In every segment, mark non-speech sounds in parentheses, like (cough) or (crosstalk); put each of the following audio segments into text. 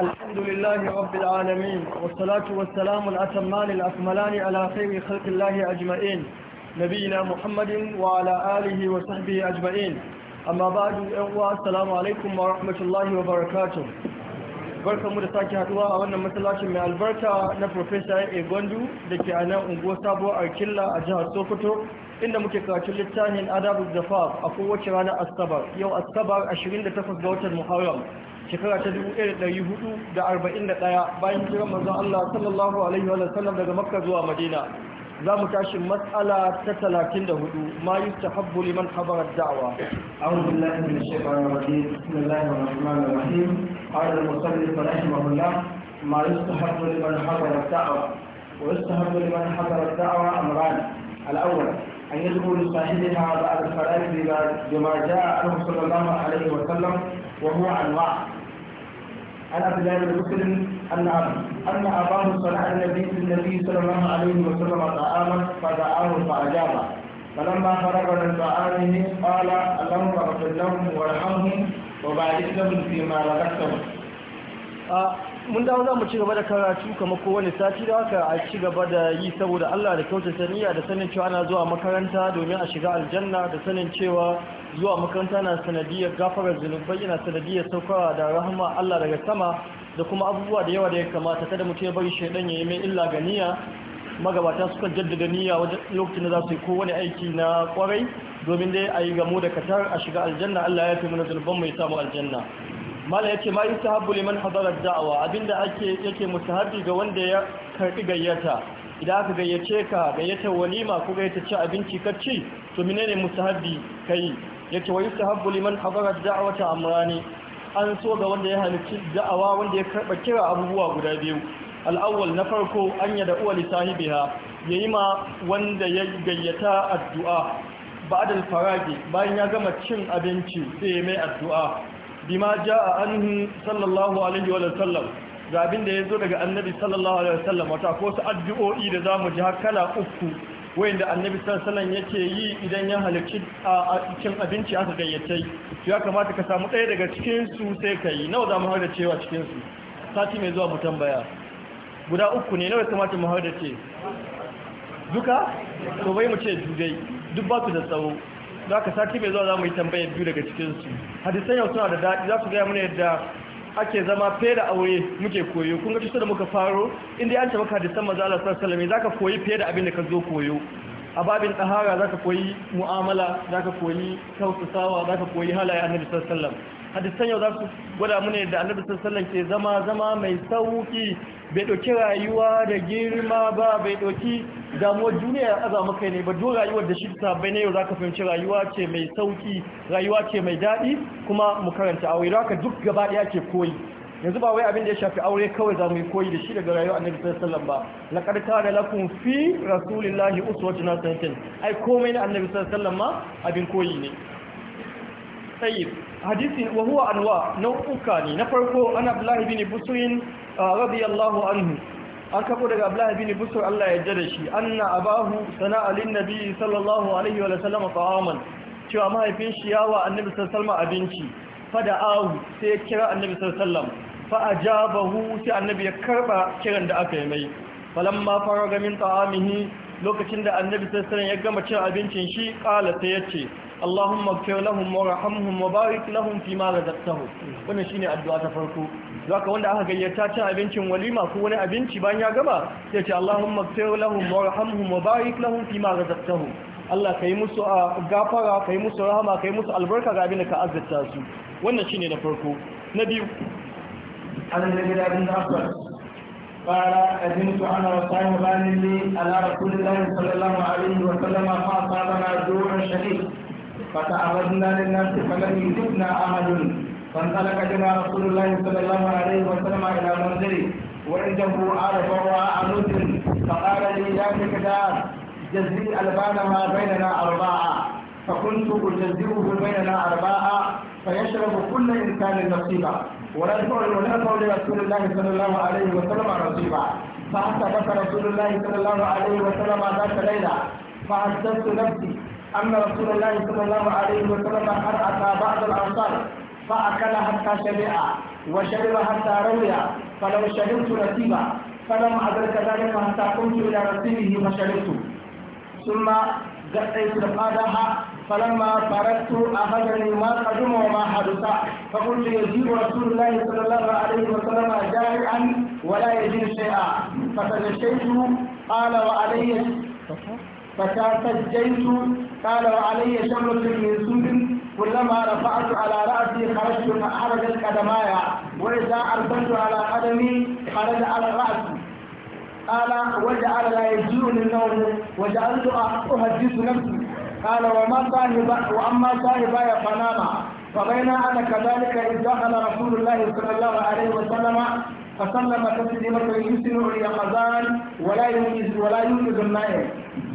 الحمد لله رب العالمين والصلاة والسلام الأتمان الأكملان على خير خلق الله أجمعين نبينا محمد وعلى آله وصحبه أجمعين أما بعد إخوة السلام عليكم ورحمة الله وبركاته barka mu da sake haduwa a wannan masallacin mai albarka na Professor A. da ke a nan unguwar sabuwar Arkilla a jihar Sokoto inda muke karatun littafin Adabu Zafaf a kowace ranar Asabar yau Asabar 28 ga watan Muharram shekara ta 1441 bayan kiran manzon Allah sallallahu alaihi wa sallam daga Makka zuwa Madina za mu tashi matsala ta 34 ma yustahabbu liman habara da'wa a'udhu billahi minash shaitanir rajim bismillahir rahmanir rahim qala al-musannif rahimahullah ma yustahabbu liman habara da'wa wa yustahabbu liman habara da'wa amran al-awwal أن يدعو لصاحبها بعد الفرائض بما جاء عنه صلى الله عليه وسلم وهو أنواع عن عبد الله بن بكر ان ان اباه صنع النبي النبي صلى الله عليه وسلم طعاما فدعاه فاجابه فلما فرغ من طعامه قال اللهم اغفر لهم وارحمهم وبارك لهم فيما رزقتهم آه. mun dawo za mu ci gaba da karatu kamar kowane sati da haka a ci gaba da yi saboda Allah da kyautata saniya da sanin cewa ana zuwa makaranta domin a shiga aljanna da sanin cewa zuwa makaranta na sanadiyar gafarar zunubai yana sanadiyar saukawa da rahama Allah daga sama da kuma abubuwa da yawa da ya kamata kada mutum ya bari shaidan ya yi mai illa ga niyya magabata sukan jaddada niyya wajen lokacin da za su yi kowane aiki na kwarai domin dai a yi gamo da katar a shiga aljanna Allah ya fi mana zunuban mai samu aljanna mala yake ma yi sahabu liman hadarar da'awa abinda ake yake musahabi ga wanda ya karbi gayyata idan aka gayyace ka gayyata walima ko gayyata ci abinci ka ci to menene musahabi kai yake wa sahabu liman hadarar da'awa ta amrani an so ga wanda ya halici da'awa wanda ya karɓa kira abubuwa guda biyu al'awwal na farko an yada uwa lisahibiha ya yi ma wanda ya gayyata addu'a ba'adal faragi bayan ya gama cin abinci sai mai addu'a bima a anhu sallallahu alaihi wa sallam ga abin da yazo daga annabi sallallahu alaihi wa sallam wata ko su addu'o'i da zamu ji har kala uku wanda annabi sallallahu alaihi yake yi idan ya halarci a cikin abinci aka gayyace ya kamata ka samu ɗaya daga cikin su sai yi nawa zamu har da cewa cikin su sati mai zuwa mu tambaya guda uku ne nawa kamata mu har ce duka to bai mu ce dudai duk ba ku da tsawo da aka sati mai zuwa za mu yi tambayar biyu daga cikinsu hadisan yau suna da daɗi za su gaya mana yadda ake zama fiye da aure muke koyo kun ga tusa da muka faro inda an taɓa hadisan maza Allah sallallahu za ka koyi fiye da abin da ka zo koyo a babin ɗahara ka koyi mu'amala Za ka koyi tausasawa ka koyi halaye annabi sallallahu alaihi hadisan yau za su gwada mana yadda annabi sallallahu alaihi ke zama zama mai sauki bai ɗauki rayuwa da girma ba bai ɗauki damuwar duniya ya aza maka ne ba duk rayuwar da shi sabai ne yau za ka fahimci rayuwa ce mai sauki rayuwa ce mai daɗi kuma mu karanta aure da haka duk gaba ɗaya ke koyi yanzu ba wai abin da ya shafi aure kawai za mu yi koyi da shi daga rayuwa annabi sallallahu alaihi wasallam ba laqad kana lakum fi rasulillahi uswatun hasanah ai komai na annabi sallallahu alaihi ma abin koyi ne musayyib hadisin wa huwa anwa na'uka ne na farko ana abdullahi busuin uh, radiyallahu anhu an kafo daga abdullahi bin busur Allah ya yarda da shi anna abahu sana'a lin nabi sallallahu alaihi wa sallam ta'aman cewa mahaifin shi yawa annabi sallallahu alaihi wa sallam sai kira annabi sallallahu fa ajabahu sai annabi ya karba kiran da aka yi mai falamma faraga min ta'amihi lokacin da annabi sallallahu ya gama cin abincin shi qala sai yace اللهم اغفر لهم وارحمهم وبارك لهم فيما رزقتهم wannan shine addu'a ta farko zaka wanda aka gayyata cin abincin walima ko wani abinci bayan ya gaba sai ce Allahumma ighfir lahum Allah kai musu ah, gafara kai musu rahama kai musu albarka ga abin da ka azzata su wannan shine na farko na biyu annabi da ibn Abbas قال أنا لي على رسول الله صلى الله عليه وسلم فأصابنا جوع شديد فتعرضنا للناس فلم يجبنا أحد فانطلق بنا رسول الله صلى الله عليه وسلم إلى منزلي وعنده آل فروع أنوت فقال لي يا مقدار جزي ما بيننا أربعة فكنت أجزئه بيننا أربعة فيشرب كل إنسان نصيبا ولا يدعو لرسول الله صلى الله عليه وسلم نصيبا فحسبك رسول الله صلى الله عليه وسلم ذات ليلة فحسبت نفسي أن رسول الله صلى الله عليه وسلم قد أتى بعض الأنصار فأكل حتى شبع وشرب حتى روي فلو شربت نسيبا فلم أدرك ذلك حتى قمت إلى نسيبه فشربت ثم جئت رقادها فلما فرغت أخذني ما قدم وما حدث فقلت يجيب رسول الله صلى الله عليه وسلم جائعا ولا يجيب شيئا فتجشيت قال وعليه فتسجيت قال وعلي شمرة من سود كلما رفعت على رأسي خرجت خرجت قدماي وإذا أرسلت على قدمي خرج على رأسي قال وجعل لا يجيئني النوم وجعلت أحدث نفسي قال وما صاحب وأما صاحباي فنام فبين أنا كذلك إذ دخل رسول الله صلى الله عليه وسلم فسلم تسليمة يسر اليقظان ولا ينجز ولا ينجز النائم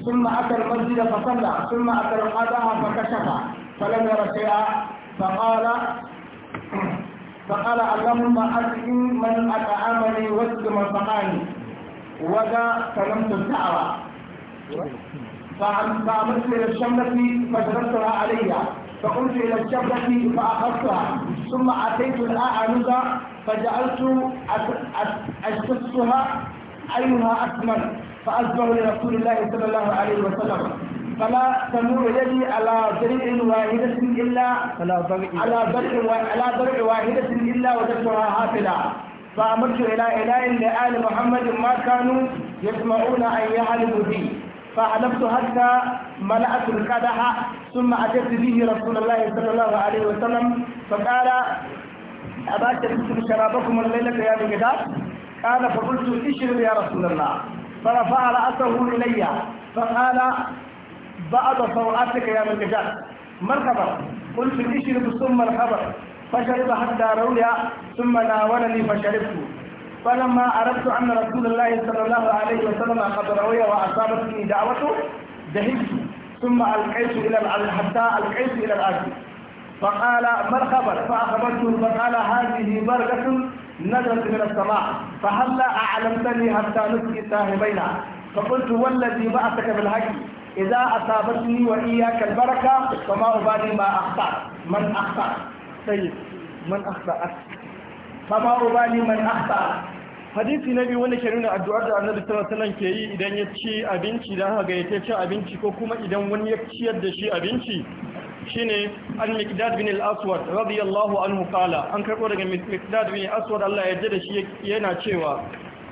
ثم أتى المسجد فصلى ثم أتى القدح فكشف فلم ير شيئا فقال فقال اللهم أطعم من أطعمني واسق من سقاني وذا فلمت الدعوة فعمدت إلى الشملة فجلستها علي فقمت إلى الشبكة فأخذتها ثم أتيت الأعنزة فجعلت أشتتها أيها أثمن فأصبحوا لرسول الله صلى الله عليه وسلم فلا تمر يدي على درع واحدة إلا على درع على درع واحدة إلا وجدتها هافلة فأمرت إلى إله لآل محمد ما كانوا يسمعون أن يعلموا بي فحلفت حتى ملأت القدح ثم أتيت به رسول الله صلى الله عليه وسلم فقال أبا تشرب شرابكم الليلة يا بغداد قال فقلت اشرب يا رسول الله فرفع رأسه إلي فقال بعض صوراتك يا من نجات ما الخبر قلت اشرب ثم الخبر فشرب حتى رويا ثم ناولني فشربت فلما أردت أن رسول الله صلى الله عليه وسلم قد روي وأصابتني دعوته ذهبت ثم ألقيت إلى حتى ألقيت إلى الأرض فقال ما الخبر فأخبرته فقال هذه بركة نزلت من السماء فهلا اعلمتني حتى نسقي صاحبينا a والذي بعثك بالحق اذا اصابتني واياك البركه فما ابالي ما اخطا من اخطا طيب من اخطا فما ابالي من اخطا hadisi na biyu wanda ke nuna addu'ar da annabi sallallahu ke yi idan ya ci abinci dan haga ya ci abinci ko kuma idan wani ya ciyar da shi abinci shine al-miqdad bin al-aswad radiyallahu anhu qala an karbo daga miqdad bin al-aswad Allah ya jada shi yana cewa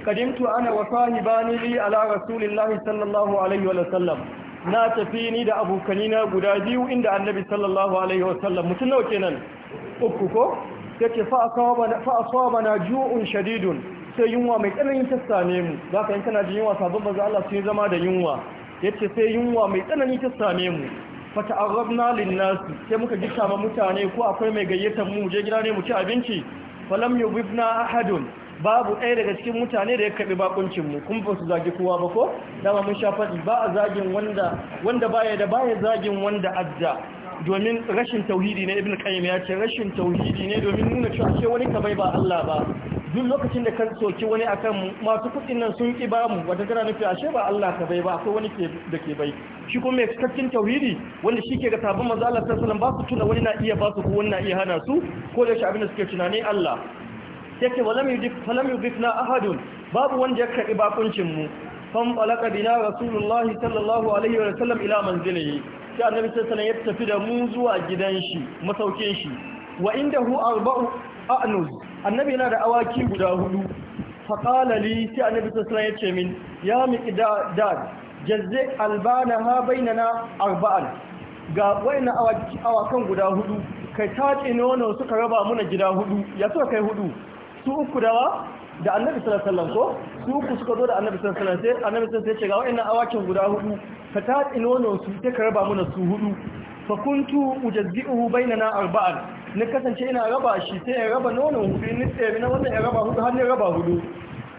kadimtu ana wa sahibani li ala rasulillahi sallallahu alaihi wa sallam na tafi ni da abokanina guda biyu inda annabi sallallahu alaihi wa sallam mutun nawa kenan uku ko yace fa asabana fa asabana ju'un shadidun sai yunwa mai tsananin ta same mu zaka in kana jin yunwa sabon bazan Allah sai zama da yunwa yace sai yunwa mai tsanani ta same mu fata'arrabna linnasi sai muka gita ma mutane ko akwai mai gayyatar mu je gida ne mu ci abinci falam yubna ahadun babu ɗaya daga cikin mutane da ya karɓi bakuncin mu kun ba su zagi kowa ba ko dama mun sha faɗi ba a zagin wanda wanda baya da baya zagin wanda adda domin rashin tauhidi ne ibn qayyim ya ce rashin tauhidi ne domin nuna cewa ce wani kabai ba Allah ba duk lokacin da ka soki wani akan masu kuɗin nan sun ki bamu wata tana nufi ashe ba Allah ka bai ba akwai wani da ke bai shi kuma mai cikakken tauhidi wanda shi ke ga sabon manzo Allah sallallahu ba su tuna wani na iya ba su ko wani na iya hana su ko da shi abin da suke tunani Allah yake walam yudif falam yudifna ahadun babu wanda ya karbi bakuncin mu fam alaka bina rasulullahi sallallahu alaihi wa sallam ila manzilihi sai annabi sallallahu alaihi ya tafi da mu zuwa gidan shi masaukin shi wa indahu arba'u a'nuz annabi yana da awaki guda hudu faƙala li sai annabi sassan ya ce min ya miƙi da jazza albana ha bainana arba'an ga waina awakan guda hudu kai tace nono suka raba muna gida hudu ya so kai hudu su uku dawa da annabi sallallahu alaihi wasallam ko su uku suka zo da annabi sallallahu alaihi wasallam sai annabi sallallahu alaihi wasallam ya ce ga waina awakin guda hudu ka tace nono su suka ka raba muna su hudu fakuntu ujazzi'uhu bainana arba'an na kasance ina raba shi sai ya raba nono hudu ni tsere na wannan ya raba hudu har ne raba hudu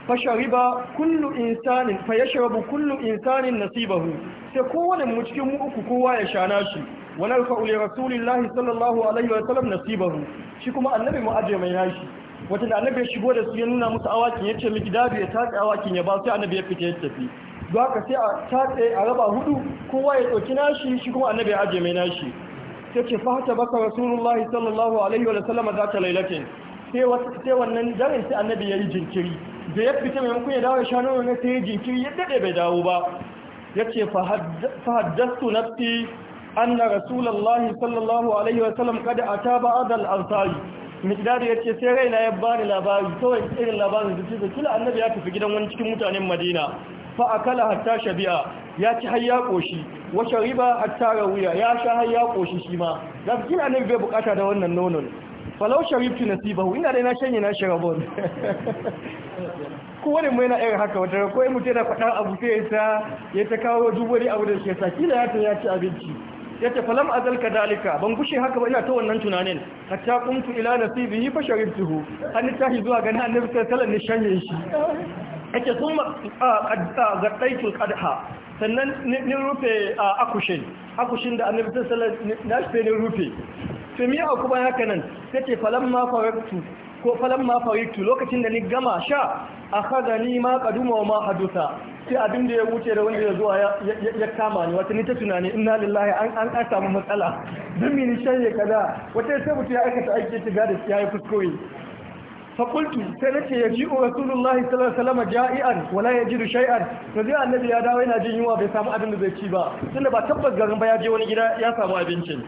fashariba kullu insanin fa yashrabu kullu insanin nasibahu sai kowane mu cikin mu uku kowa ya sha nashi. wa narfa'u li rasulillahi sallallahu alaihi wa sallam nasibahu shi kuma annabi mu aje mai nashi wata da annabi ya shigo da su ya nuna musu awakin yace miki dabi ya tatsi awakin ya ba sai annabi ya fita ya tafi za ka sai a tatse a raba hudu kowa ya ɗauki nashi shi kuma annabi ya ajiye mai nashi ta ce fata baka rasulullahi sallallahu alaihi wa sallama za ta lailatin sai wannan daren sai annabi ya yi jinkiri da ya fita maimakon ya dawo ya sha nono sai ya jinkiri ya daɗe bai dawo ba ya ce fahaddastu nafsi anna rasulullahi sallallahu alaihi wa sallam kada a ata ba'd al-ansari ya ce sai raina ya bani labari kawai irin labarin da ce kila annabi ya tafi gidan wani cikin mutanen Madina fa akala hatta shabi'a ya ci hayya ƙoshi, koshi wa shariba hatta rawiya ya sha hayya ƙoshi koshi shi ma da kin nan bai bukata da wannan nonon falau sharibtu nasibahu ina dai na shanye na sharabon (laughs) ko wani mai na irin haka wata ko mutum yana faɗar abu sai ta ya ta kawo duk a abu da ke sa kila ya ta ya ci abinci ya ce falam azal kadalika ban gushe haka ba ina ta wannan tunanin hatta kuntu ila nasibihi fa sharibtuhu hannu ta zuwa ga annabi sallallahu alaihi wasallam ne shanye shi yake sun gaɗaikin ƙadha sannan nin rufe akushin akushin da annabi salar na shi nin rufe miya a kuma haka nan sai ce falon ma faraktu ko falon ma faraktu lokacin da ni gama sha a haɗa ni ma ƙaduma wa ma hadusa sai abin da ya wuce da wanda ya zuwa ya kama ni wata ni ta tunani inna lillahi an an samu matsala dan mini shanye kada wata sai mutum ya aikata aiki ta gada ya yi kuskure fakultu sai na ce ya ji o rasulullahi salama ja'i'an wala ya ji shay'an to zai annabi ya dawo yana jin yunwa bai samu abin da zai ci ba tunda ba tabbas garin ba ya je wani gida ya samu abincin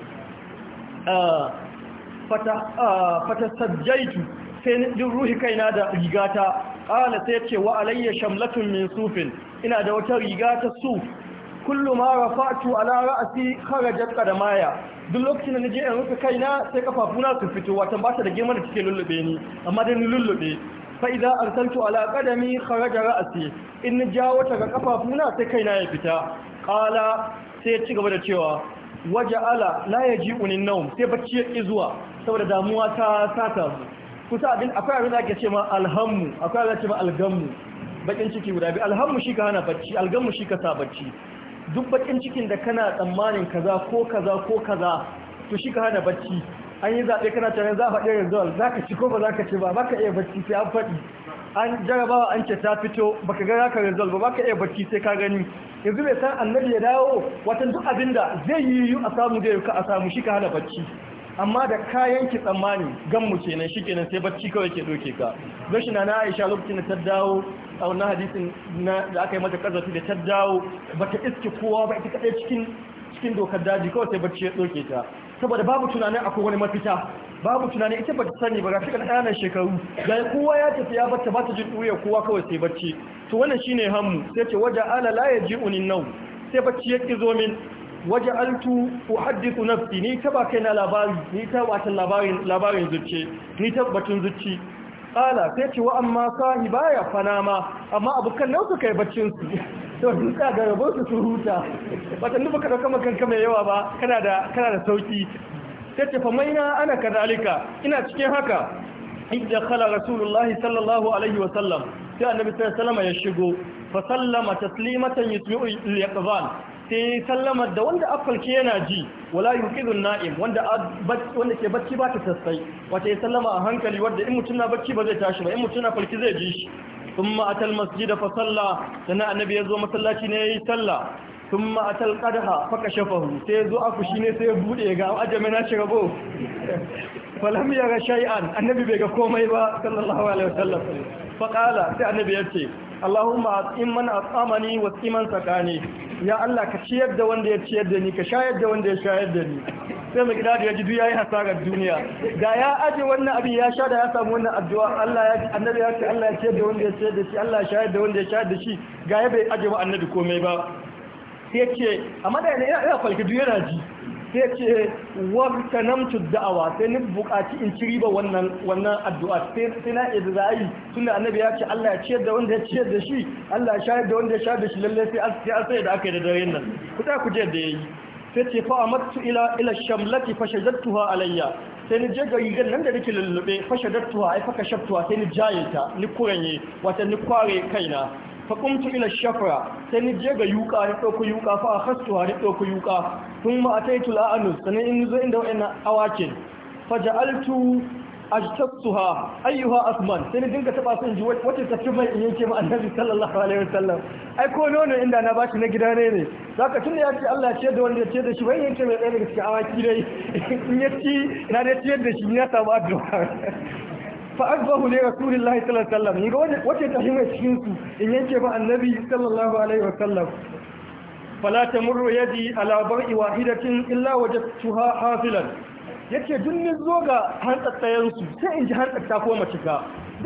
fata sajjaitu sai din ruhi kaina da rigata ƙala sai ce wa alayya shamlatun min sufin ina da wata riga ta suf kullu ma rafa'tu ala ra'si kharajat qadamaya duk lokacin da je in rufe kaina sai kafafuna su fito wata ba da gemar da take lullube ni amma dai ni lullube fa idza arsaltu ala qadami kharaja ra'si in jawo ta ga kafafuna sai kaina ya fita qala sai ya ci gaba da cewa waja'ala la yaji'u an-nawm sai bacci ya ki zuwa saboda damuwa ta sata kusa abin akwai abin da ake ce ma alhammu akwai abin da ake ce ma algammu bakin ciki guda biyu alhammu shi ka hana bacci algammu shi ka sa bacci duk bakin cikin da kana tsammanin kaza ko kaza ko kaza to shi ka hana bacci an yi zaɓe kana tare za a faɗi yanzu za ka ci ko ba za ka ci ba baka iya bacci sai an faɗi an jarabawa an ce ta fito baka ga ka result ba baka iya bacci sai ka gani yanzu bai san annabi ya dawo watan duk abinda zai yi yu a samu zai yi ka a samu shi ka hana bacci amma da kayan ki tsammani gan mu kenan sai bacci kawai ke doke ka gashi na Aisha lokacin da ta dawo a wannan hadisin da aka yi mata kazafi da ta dawo bata iske kowa ba ita kadai cikin cikin dokar daji kawai sai bacci ya doke ta saboda babu tunanin akwai wani mafita babu tunanin ita bata sani ba ga cikin ɗayanar shekaru ga kowa ya tafi ya bata bata jin ɗuya kowa kawai sai bacci to wannan shine hammu sai ce wajen ala la unin nau sai bacci ya ƙi zo waje altu uhaddiku nafsi ni ta ba kaina labari ni ta watan labarin labarin zuci ni ta batun zuci Kala sai ce wa amma sahiba ya fanama amma abukan nan suka yi baccin su (laughs) to duka ga rabo su huta bata nufa ka dauka kanka mai yawa ba kana da kana da sauki sai ce fa maina ana kadalika ina cikin haka idda khala rasulullahi sallallahu alaihi wa sallam sai annabi sallallahu alaihi wa sallam ya shigo fa sallama taslimatan yusmi'u al-yaqban sai ya sallamar da wanda afalke yana ji wala yuqidun na'im wanda wanda ke bacci ba ta sassai wata ya sallama a hankali wanda in mutum na bacci ba zai tashi ba in mutum na falki zai ji shi thumma atal masjida fa salla sana annabi ya zo masallaci ne yayi salla thumma atal qadha fa kashafahu sai ya zo aku shine sai ya bude ga ajami na shiga bo (laughs) falam yara shay'an annabi bai ga komai ba sallallahu alaihi wasallam fa qala sai annabi ya ce Allahumma at'im man at'amani wa man sakani ya Allah ka ciyar da wanda ya ciyar da ni ka shayar da wanda ya shayar da ni sai mu gida da yaji ji duya yi hasarar duniya da ya aje wannan abin ya sha da ya samu wannan addu'a Allah ya annabi ya ce Allah ya ciyar da wanda ya ciyar da shi Allah ya shayar da wanda ya shayar da shi ga ya bai aje ba annabi komai ba sai ce amma da yana ina falki duniya yana ji sai ce warta namtu da'awa sai ni bukaci in ci riba wannan addu'a sai na izra'i tunda annabi ya ce Allah ya ciyar da wanda ya ciyar da shi Allah ya shayar da wanda ya shayar da shi lalle sai an sai da aka yi da dare nan ku ta ku je da yi sai ce fa amattu ila ila shamlati fashajattuha alayya sai ni jaga rigar nan da nake lullube fashajattuha ai faka shaftuwa sai ni jayinta ni kuranye wata ni kware kaina faƙumtu ila shafra sai ni je ga yuka ni ɗauko yuka fa a hastuwa ni ɗauko yuka Tun ma a taitu la'anus sannan in zo inda wa'in awakin Fa faja'altu ha ayyuha asman sai ni dinga taba sun ji wace tafi mai in yake ma annabi sallallahu alaihi wasallam ai ko nono inda na bashi na gida ne ne zaka tunda ya ce Allah ya ce da wanda ya ce da shi bai yake mai ɗaya daga cikin awaki dai in ya ci na da ciyar da shi ya samu addu'a fa azbahu li rasulillahi sallallahu alaihi wasallam ni wace ta hira cikin su in yanke ba annabi sallallahu alaihi wasallam fala tamurru yadi ala bar'i wahidatin illa wajadtuha hafilan yace dunnin zo ga hantsattayen su sai in ji hantsatta ko mace ga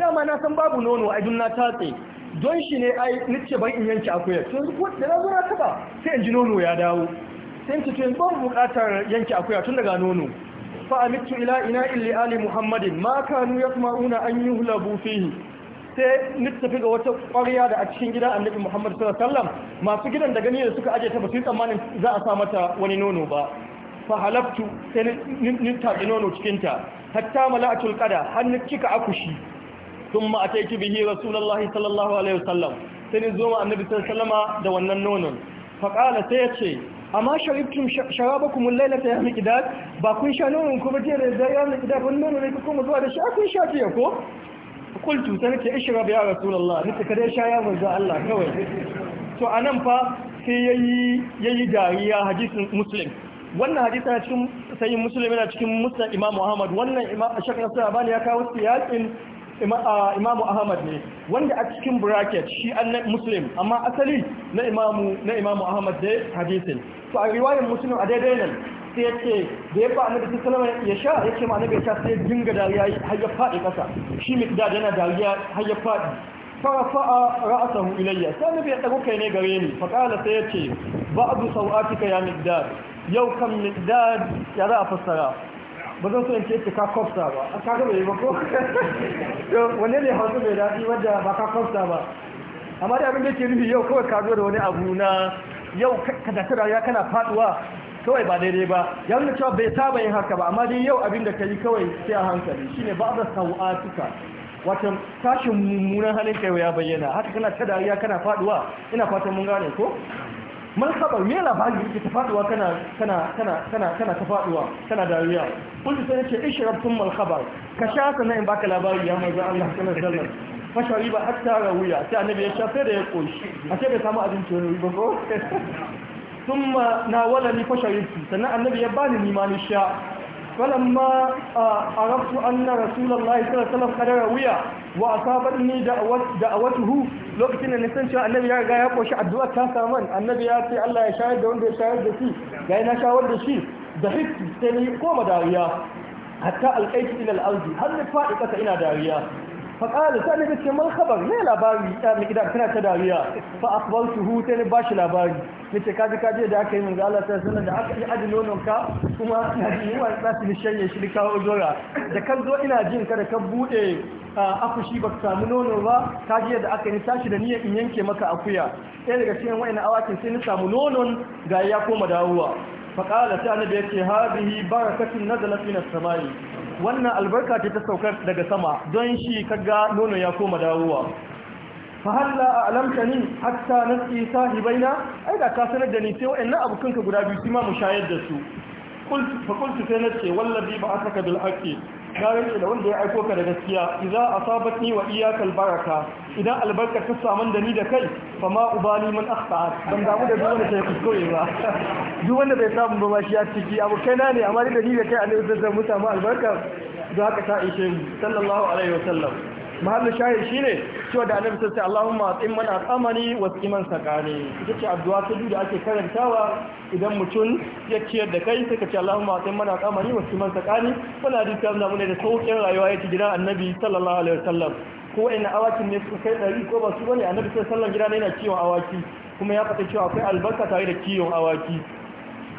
dama na san babu nono a dunna tatse don shi ne ai nice bai in yanke akuya to yanzu ko da na zo na taba sai in ji nono ya dawo sai in ce to yanzu ban bukatar yanke akuya tun daga nono fa'amittu ila ina illi ali muhammadin ma kanu yasma'una an yuhlabu fihi sai littafi ga wata ƙwarya da a cikin gidan annabi muhammad sallallahu masu gidan da gani da suka aje ta ba yi tsammanin za a sa mata wani nono ba fa halabtu sai nin taɓi nono cikin ta hatta mala'atul qada hannu kika akushi thumma ataitu bihi rasulullahi sallallahu alaihi wasallam sai ni zo ma annabi da wannan nonon fa qala sai ya ce amma sharibtum sharabakum kuma lailata ya miqdad ba kun sha nonon kuma ba jiya da zai ya miqdad wani nono ne kuma zuwa da shi kun sha jiya ko kultu ta nake ishrab ya rasulullah nita kada sha ya manzo Allah kawai to a nan fa sai ya yi dariya hadisin muslim wannan hadisi na cikin sayin muslim yana cikin Musa imam muhammad wannan imam shakka sabani ya kawo siyasin imamu ahmad ne wanda a cikin bracket shi an muslim amma asali na imamu na imamu ahmad da hadisin to a riwayar muslim a daidai nan sai yace da ya fa annabi sallallahu alaihi ya sha yake ma annabi ya sha sai dinga dariya har ya fadi kasa shi miqdad yana dariya har ya fadi farafa'a ra'asahu ilayya sai annabi ya dago kai ne gare ni fa kala sai yace ba'du sawatika ya miqdad yau kan miqdad ya za a fassara ba zan so in ce ka kofta ba a kaga bai ba ko wanne ne hausa mai daɗi wadda ba ka kofta ba amma da abin da ke nufi yau kawai ka zo da wani abu na yau ka tafi rayuwa kana faduwa kawai ba daidai ba ya nuna cewa bai saba yin haka ba amma dai yau abin da ka yi kawai sai a hankali shine ba da tuka wato tashin mummunan halin kai ya bayyana haka kana ta dariya kana faduwa ina fatan mun gane ko mal khabar me labari yake ta faduwa kana kana kana kana kana ta faduwa kana dariya kullu sai yace ishrab thumma al khabar ka sha sannan in baka labari ya manzo Allah sallallahu alaihi wasallam fashari ba hatta rawiya sai annabi ya sha sai da ya koshi a sai bai samu abinci wani ba ko (laughs) thumma nawala ni fashari sannan annabi ya bani ni ma ni sha فلما عرفت أن رسول الله صلى الله عليه وسلم قد رويا وأصابتني دعوت دعوته لوكتين نسان شاء النبي يا غايا قوش الدعاء تاسا من النبي يا الله يشاهد دون دي شاهد دي غاينا شاهد دي ضحكت سني قوم داريا hatta alƙaitu ilal ardi har da faɗi ƙasa ina dariya faƙali ta ne gaske man khabar ne labari ya mai gidan tana ta dariya fa akbar su hutu ne ba shi labari ne ce kaji kaji da aka yi min ga Allah ta da aka yi aji nonon ka kuma na ji yi wani tsasi da shanye shi kawo ojora da kan zo ina jin ka da ka buɗe akushi ba ka samu nono ba kaji da aka yi tashi da niyyar in yanke maka akuya ɗaya daga cikin wa'in awakin sai na samu nonon ga ya koma dawowa faƙala ta ne da ya ce hadihi barakatun nazalat min as-sama'i wannan albarka ce ta saukar daga sama don shi kaga nono ya koma dawowa fa halla alamtani hatta nasi na? ai da ka sanar da ni sai wayannan abukanka guda biyu sai ma mu shayar da su qult fa qult sai nace ba ba'athaka bil haqqi na rantsa da wanda ya aiko ka da gaskiya a asabatni wa iyyakal baraka idan albarka ta samu da ni da kai fa ma ubali man ban damu da duk wanda ta kuskure ba (laughs) duk wanda bai samu ba shi ya ciki abu kai na ne amma da ni da kai annabi sallallahu alaihi wasallam mu samu albarka za ka ta ishe mu sallallahu alaihi wasallam mahallin shi ne cewa da annabi sai Allahumma at'im man at'amani wa tsiman sakani ita ce addu'a ta biyu da ake karantawa idan mutum ya ciyar da kai sai ka ce Allahumma at'im man at'amani wa tsiman sakani wannan ta yana nuna da sauƙin rayuwa ya ci gidan annabi sallallahu alaihi wasallam ko ina awakin ne suka kai ɗari ko ba su bane annabi sallallahu alaihi wasallam gida yana ciwon awaki kuma ya faɗa cewa akwai albarka tare da kiwon awaki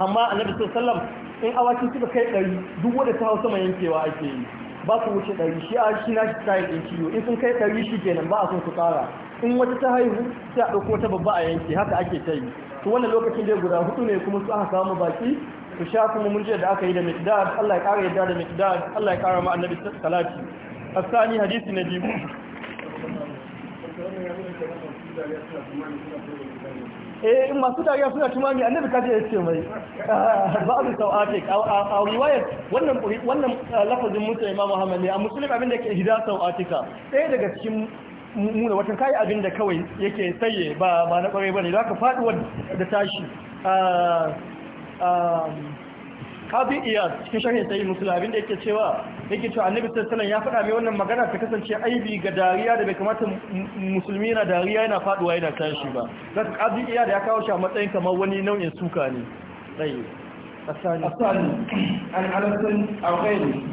amma annabi sallallahu alaihi wasallam in awaki suka kai ɗari duk wanda ta hau sama yankewa ake yi ba su wuce ɗari shi a shi na shi ta yi ciwo in sun kai ɗari shi kenan ba a son su ƙara in wata ta haihu sai a ɗauko wata babba a yanke haka ake ta yi to wannan lokacin dai guda hudu ne kuma su aka samu baki su sha kuma mun da aka yi da miqdad Allah ya ƙara yadda da miqdad Allah ya ƙara ma annabi salati asani hadisi na biyu eh masu dariya suna tumami annabi kaji ya ce mai (laughs) ba'du sau'atik a riwayat wannan wannan uh, lafazin mutum imam Muhammad ne a muslim abin da yake hida sau'atika ɗaya daga cikin muna watan abin da kawai yake saye ba ba na kwarai bane zaka faduwa da tashi uh, um, kazi iya cikin sharhin sai musulmi da yake cewa yake cewa annabi sallallahu ya faɗa mai wannan magana ta kasance aibi ga dariya da bai kamata musulmi na dariya yana faduwa yana tashi ba zaka kazi iya da ya kawo shi a matsayin kamar wani nau'in suka ne tsaye asali asali an alasan alghairi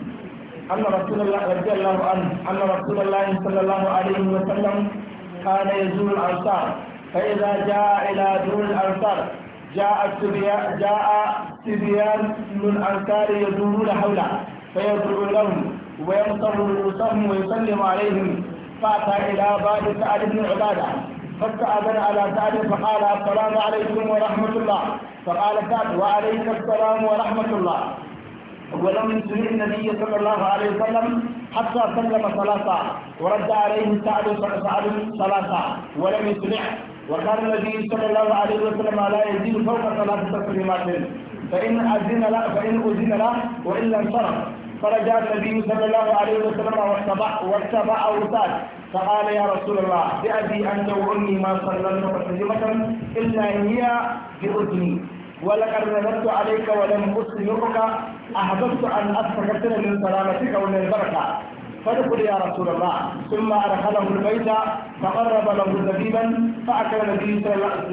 anna rasulullahi radiyallahu anhu anna rasulullahi sallallahu alaihi wa sallam kana yazuru al-ansar fa idza jaa ila durul ansar جاء سبيان جاء سبيان من أنصار يدورون حوله فيدعو لهم وينصر رؤوسهم ويسلم عليهم فأتى إلى باب سعد بن عبادة فاستأذن على سعد فقال السلام عليكم ورحمة الله فقال سعد وعليك السلام ورحمة الله ولم يسمع النبي صلى الله عليه وسلم حتى سلم ثلاثة ورد عليه سعد سعد ثلاثة ولم يسمع وكان النبي صلى الله عليه وسلم لا يزيد فوق ثلاث تسليمات فإن أذن له فإن أذن له وإلا انصرف فرجع النبي صلى الله عليه وسلم واتبعه واتبع أوتاد فقال يا رسول الله بأبي أنت وأمي ما صليت تسليمة إلا هي بأذني ولقد رددت عليك ولم أسلمك أحببت أن أتفكر من سلامتك ومن البركة فدخل يا رسول الله ثم أدخله البيت فقرب له زبيبا فأكل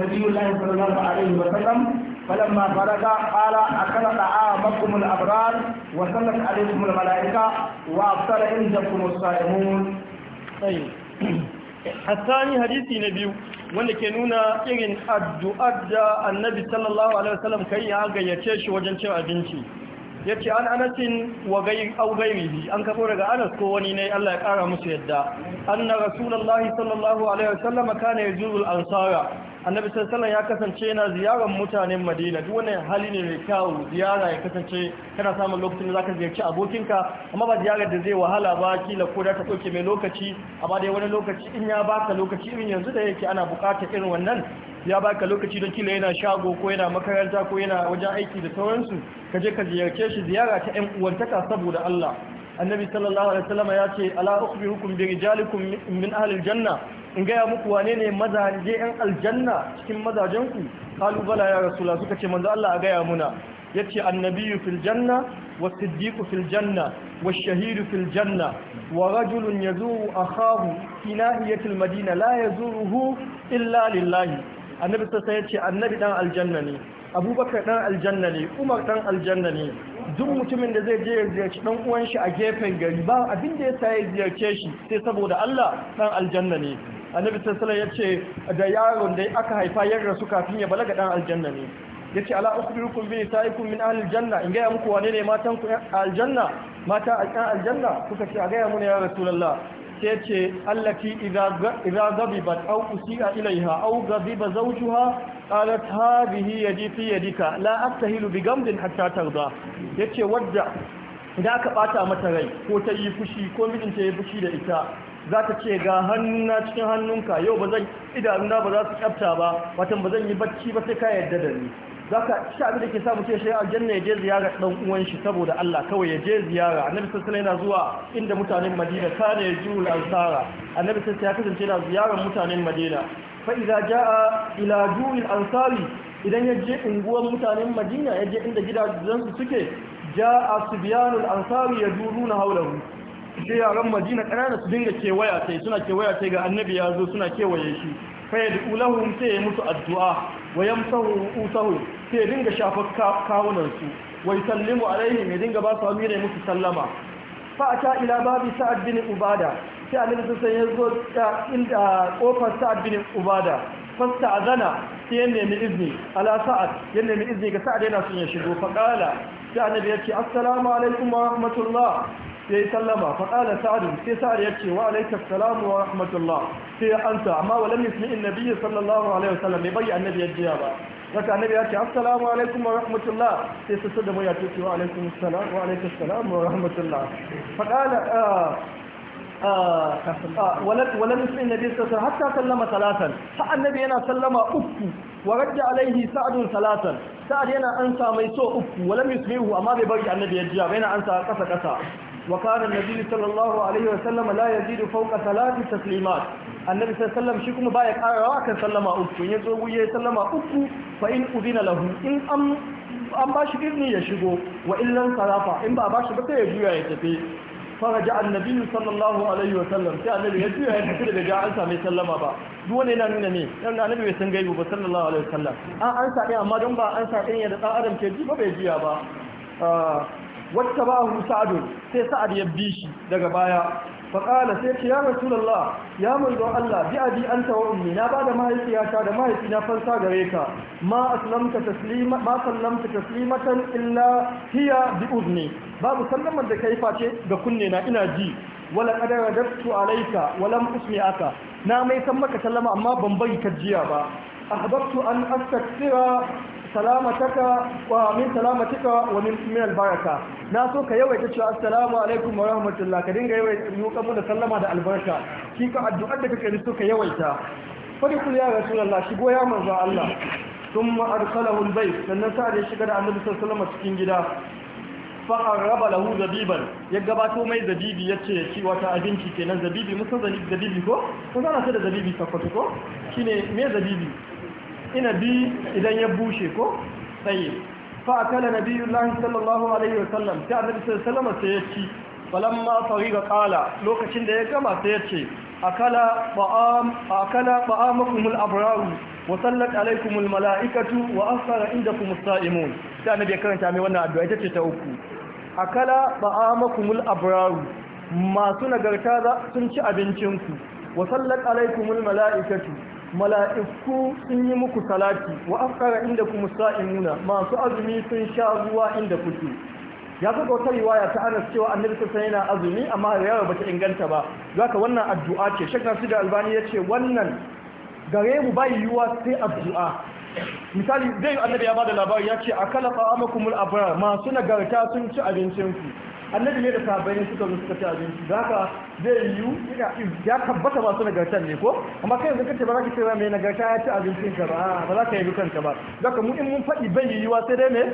نبي الله صلى الله عليه وسلم فلما فرغ قال أكل طعامكم الأبرار وسلت عليكم الملائكة وأفطر عندكم الصائمون طيب hassani hadisi na biyu wanda ke nuna irin addu'ar da annabi sallallahu alaihi wasallam kai ya gayyace shi wajen cin abinci Ya ce an anasin wa gai au an kafo daga anas ko wani ne Allah ya kara musu yadda An na Rasulallah sallallahu alaihi wasallam kana yuzul ansara annabi sallallahu ya kasance yana ziyarar mutanen madina duk wani hali ne mai kyau ziyara ya kasance kana samun lokacin da zaka ziyarci abokinka amma ba ziyarar da zai wahala ba kila ko da ta dauke mai lokaci amma dai wani lokaci in ya baka lokaci irin yanzu da yake ana buƙatar irin wannan ya baka lokaci don kila yana shago ko yana makaranta ko yana wajen aiki da sauransu ka je ka ziyarce shi ziyara ta ƴan uwantaka saboda Allah annabi sallallahu alaihi wasallam ya ce ala ukhbirukum bi rijalikum min ahli aljanna in gaya muku wane ne mazaje yan aljanna cikin mazajenku kalu bala ya rasula suka ce manzo Allah a gaya muna yace ce fil janna wa Siddiku filjanna wa shahidu fil janna wa rajulun yazuru akhahu fi nahiyatil madina la yazuruhu illa lillahi annabi sai ce annabi dan aljanna ne abubakar dan aljanna ne umar dan aljanna ne duk mutumin da zai je ya ziyarci dan uwan shi a gefen gari ba abin da ya sa ya ziyarce shi sai saboda Allah dan aljanna ne annabi sallallahu ya ce da yaron da aka haifa ya rasu kafin ya balaga dan aljanna ne yace ala ukhbirukum bi ta'ikum min ahli aljanna in gaya muku wane ne matan ku aljanna mata a kan aljanna kuka ce a ga mu ne ya rasulullah sai ce allati idza gabibat aw usi'a ilaiha aw gabiba zawjuha qalat hadhihi yadi fi yadika la astahilu bi gamdin hatta tarda yace wadda idan aka bata mata rai ko ta yi fushi ko mijinta ya fushi da ita za ta ce ga hannuna cikin hannunka yau ba zan idanuna ba za su tsafta ba watan ba zan yi bacci ba sai ka yarda da ni za ka ci abin da ke samu ce shi aljanna ya je ziyara ɗan uwan shi saboda Allah kawai ya je ziyara annabi sassan yana zuwa inda mutanen madina kana ya ji ansara annabi sassan ya kasance yana ziyarar mutanen madina fa idza jaa ila ju'il ansari idan ya je unguwar mutanen madina ya je inda gidajen su suke a subyanul ansari yaduruna hawlahu sai yaran madina kanana su dinga kewaya sai suna kewaya sai ga annabi ya zo suna kewaye shi fa ya sai ya musu addu'a wa yamsahu usahu sai ya dinga shafa kawunan su wa sallimu alaihi ya dinga ba su amira musu sallama fa ata ila babi sa'ad bin ubada sai annabi sai ya zo inda kofar sa'ad bin ubada fasta azana sai ya nemi izini ala sa'ad ya nemi izini ga sa'ad yana son ya shigo fa qala sai annabi ya ce assalamu alaikum wa rahmatullah yayi sallama fa qala sa'd sai sa'd yace wa alayka assalamu wa rahmatullah sai anta amma wa lam yasmi annabi sallallahu alaihi wasallam bai bai annabi yajiya ba zaka annabi yace assalamu alaikum wa rahmatullah sai su sada mai yace wa alaikum assalam wa alaikum assalam wa rahmatullah fa qala wala nufin nabi sassar hatta sallama salatan har annabi yana sallama uku wa radda alaihi sa'adun salatan sa'ad yana ansa mai so uku wala nufin amma bai bari annabi ya jiya bai yana ansa kasa kasa وكان النبي صلى الله عليه وسلم لا يزيد فوق ثلاث تسليمات النبي صلى الله عليه وسلم شكم بايك أرى كان سلم أكو يزوه يسلم أكو فإن أذن له إن أم an ba shi ya shigo wa illan sarafa in ba ba shi ba sai ya juya ya tafi faraja annabi sallallahu alaihi wa sallam sai annabi ya juya ya tafi daga ga an same sallama ba duk wani yana nuna ne dan annabi bai san gaibu ba sallallahu alaihi wa sallam an an sa amma don ba an sa da dan adam ke ji ba bai juya ba wata ba hu sa'adun sai sa'ad ya bi shi daga baya faƙala sai ce ya rasulallah ya manzon Allah bi abi an tawa ummi na ba da mahaifiyata da mahaifina fansa gare ka ma aslamta taslima ma sallamta taslimatan illa hiya bi udni babu sallamar da kai face ga kunne na ina ji wala qadara dabtu alayka wa lam usmi'aka na mai san maka sallama amma ban bari ka jiya ba ahbabtu an astakthira salamataka wa min salamatika wa min min albaraka na so ka yawaita cewa assalamu alaikum wa rahmatullah ka dinga yawaita yuka kamu da sallama da albarka shi ka addu'ar da kake so ka yawaita fadi kulli ya rasulullah shigo ya manzo Allah thumma arsalahu albayt sannan sa da shiga da annabi sallallahu alaihi wasallam cikin gida fa araba lahu zabiban ya gabato mai zabibi yace shi wata abinci kenan zabibi musan zabibi ko kun sana da zabibi sakwato ko shine me zabibi inabi idan ya bushe ko tsaye fa na nabiyullahi sallallahu alaihi wasallam ta annabi sallama sai ya ci falamma fariga kala lokacin da ya gama sai ya ce akala ba'amakumul abraru wa sallat alaikumul mala'ikatu wa asara indakumus sa'imun ta annabi karanta mai wannan addu'a ita ce ta uku akala ba'amakumul abraru masu nagarta sun ci abincin ku. wa sallat alaikumul mala'ikatu mala'iku sun yi muku salati wa afkara inda kuma nuna. masu azumi sun sha ruwa inda kuke ya fi wata riwaya ta anas cewa annabi sassan yana azumi amma riwaya bata inganta ba Za ka wannan addu'a ce shakar su da albani ya ce wannan gare mu bai yiwuwa sai addu'a misali zai yi annabi ya ba da labari ya ce a kala fa'amakumul abrar masu nagarta sun ci abincinku annabi ne da sahabbai ne suka zo suka ci abinci za ka zai yiwu ya tabbata masu nagartar ne ko amma kai yanzu kace ba za ka ce ba mai nagarta ya ci abincin ka ba ba za ka yi kanka ba za ka mu in mun faɗi bai yiwuwa sai dai ne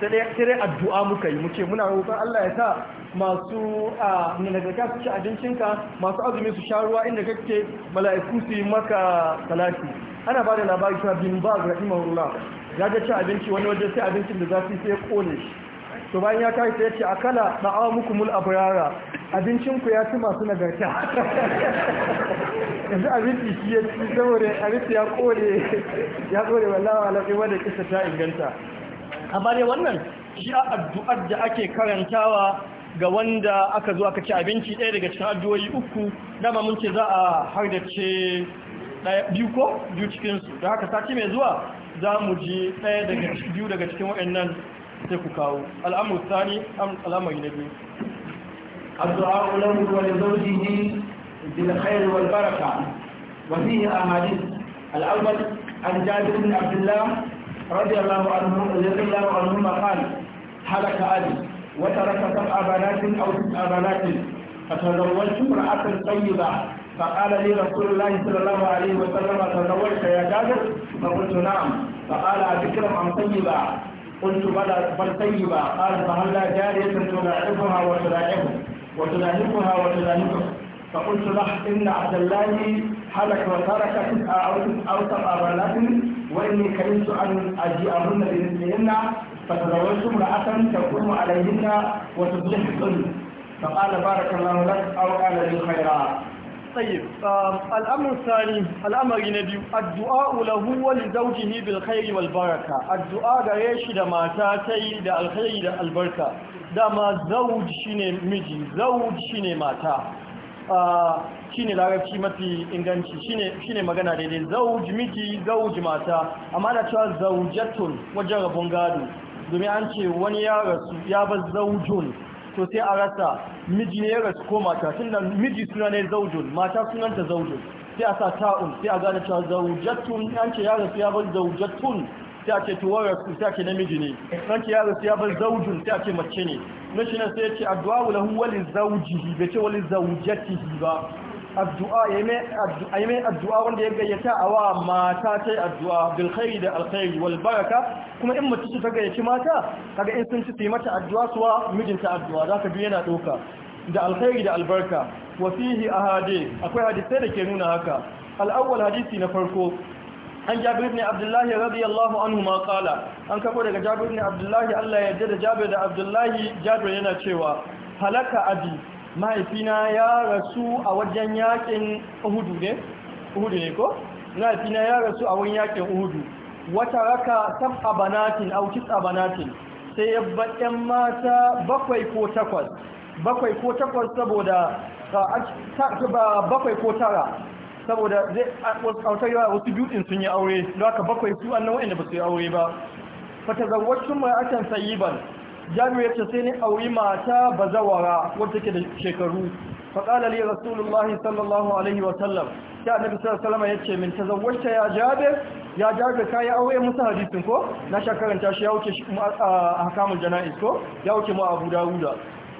sai dai kire addu'a muka yi muke muna roƙon Allah ya sa masu a nagarta su ci abincin ka masu azumi su sha ruwa inda kake mala'iku su yi maka talaki ana ba da labari cewa bin ba rahimahullah ya ga ci abinci wani waje sai abincin da zafi sai ya kone shi to bayan ya tashi ya ce muku mul abrara abincinku ya ci masu nagarta yanzu abinci shi ya ci saboda abinci ya kore ya kore wallawa alaƙi wadda kisa ta inganta amma dai wannan shi a addu'ar da ake karantawa ga wanda aka zo aka ci abinci ɗaya daga cikin addu'o'i uku dama mun ce za a hardace biyu ko biyu cikinsu da haka sati mai zuwa za mu ji ɗaya daga biyu daga cikin waɗannan sai ku kawo al'amur sani al'amari na biyu addu'a ulamu wa da zauji ne bil khair wal baraka wa fi ahadith al awwal an jabir bin abdullah radiyallahu anhu radiyallahu anhu qala halaka ali wa taraka sab'a banatin aw sab'a banatin fatazawwajtu ra'atan tayyiba فقال لي رسول الله صلى الله عليه وسلم تزوجت يا جابر فقلت نعم فقال أبكرم عن طيبة قلت بلى بل طيبا قال فهل لا جارية تلاعبها وتلاعبه وتلاعبها وتلاعبه فقلت له إن عبد الله حلك وترك أو أو سبع بنات وإني كرهت أن أجيئهن بمثلهن فتزوجت امرأة تكون عليهن وتصلح الظلم فقال بارك الله لك أو قال لي خيرا tsaye sani al'amari na biyu addu'a ulahu wani zaujihi bil khairi baraka addu'a gare shi da mata ta yi da alkhairi da albarka dama shi ne miji shi ne mata ne larabci mafi inganci shine magana daidai Zauji miji Zauji mata amma da cewa zaujatun wajen rabon gado domin an ce wani ya rasu ya ba zaujun to sai a rasa miji ne ya rasu ko mata tunda miji suna ne zaujun mata sunanta zaujun sai a sa ta'un sai a gane cewa zaujatun an ce ya rasu ya bar zaujatun sai a ce tuwarar rasu sai a ce namiji ne an ce ya rasu ya bar zaujin sai a ce mace ne na shi nan sai ya ce addu'a lahu walin zaujihi bai ce walin zaujatihi ba addu'a ya mai addu'a wanda ya gayyata a wa mata ta yi addu'a bilkhairi da alkhairi walbaraka kuma in mace ta gayyaci mata kaga in sun ci su yi mata addu'a suwa mijinta addu'a za ka biyu yana ɗauka da alkhairi da albarka wasihi a hade akwai hadisai da ke nuna haka al'awwal hadisi na farko an jabir ne abdullahi radiyallahu anhu ma kala an kafo daga jabir ne abdullahi allah ya da jabir da abdullahi jabir yana cewa halaka abi mahaifina ya rasu a wajen yakin uhudu ne uhudu ne ko mahaifina ya rasu a wajen yakin uhudu wata raka sab'a abanatin au tis'a banatin sai ya baɗin mata bakwai ko takwas bakwai ko takwas saboda bakwai ko tara saboda zai kautar yawa wasu dutsen sun yi aure da aka bakwai su annan da ba su yi aure ba fata zarwacin mai akan ban. jami'u ya ce sai ni auri mata bazawara wadda take da shekaru faƙalar yi rasulullahi sallallahu alaihi wasallam ya annabi sallallahu alaihi ya ce min ta tazawwajta ya jabe ya jabir kayi aure musu hadisin ko na sha karanta shi ya wuce a hakamul jana'iz ko ya wuce mu abu dawuda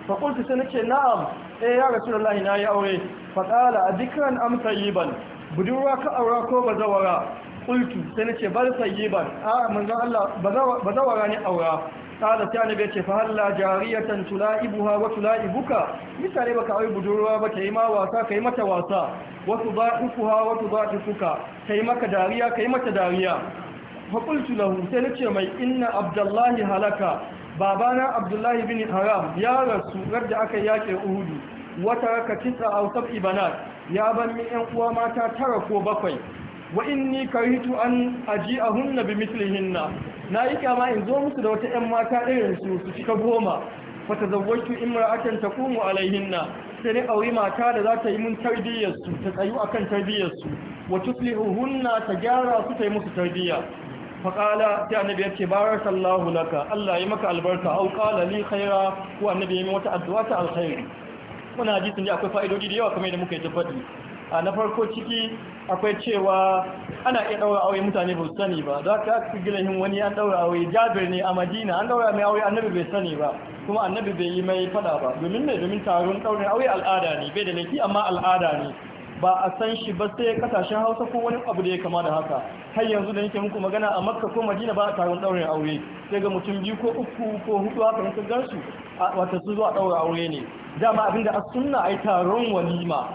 faƙultu sai nace na'am eh ya rasulullahi na yi aure faƙala a dukkan amsa yiban budurwa ka aura ko bazawara qultu sai nace bal sayyiban a manzon Allah ba za wara ni aura kada ta nabi ce fa halla jariyatan tulaibuha wa tulaibuka misale baka aure budurwa ba kai ma wasa kai mata wasa wa tudaikuha wa tudaifuka kai maka dariya kai mata dariya fa qultu lahu sai nace mai inna abdullahi halaka babana abdullahi bin haram ya rasu radda aka yake uhudu wata raka tisa aw sab'i banat ya ban mi yan uwa mata tara ko bakwai wa inni karitu an aji'ahunna bimithlihinna na yi kyama in zo musu da wata 'yan mata irin su su cika goma fata zawwatu imra'atan taqumu alaihinna sai ne auri mata da za ta yi mun tarbiyyar su ta tsayu akan tarbiyyar su wa tuslihuhunna ta gyara su ta yi musu tarbiyya fa qala ya annabi yace barakallahu laka Allah yi maka albarka au qala li khaira ko annabi ya yi wata addu'a ta alkhairi wannan hadisin ne akwai fa'idodi da yawa kamar yadda muka yi tabbati a na farko ciki akwai cewa ana iya ɗaura aure mutane ba su sani ba za ka aka gilahin wani an ɗaura aure jabir ne a madina an ɗaura mai aure annabi bai sani ba kuma annabi bai yi mai fada ba domin ne domin taron ɗaurin aure al'ada ne bai da laifi amma al'ada ne ba a san shi ba sai kasashen hausa ko wani abu da ya kama da haka har yanzu da nake muku magana a makka ko madina ba a taron ɗaurin aure sai ga mutum biyu ko uku ko hudu haka in gansu wata su zuwa ɗaura aure ne dama abinda a sunna ai taron walima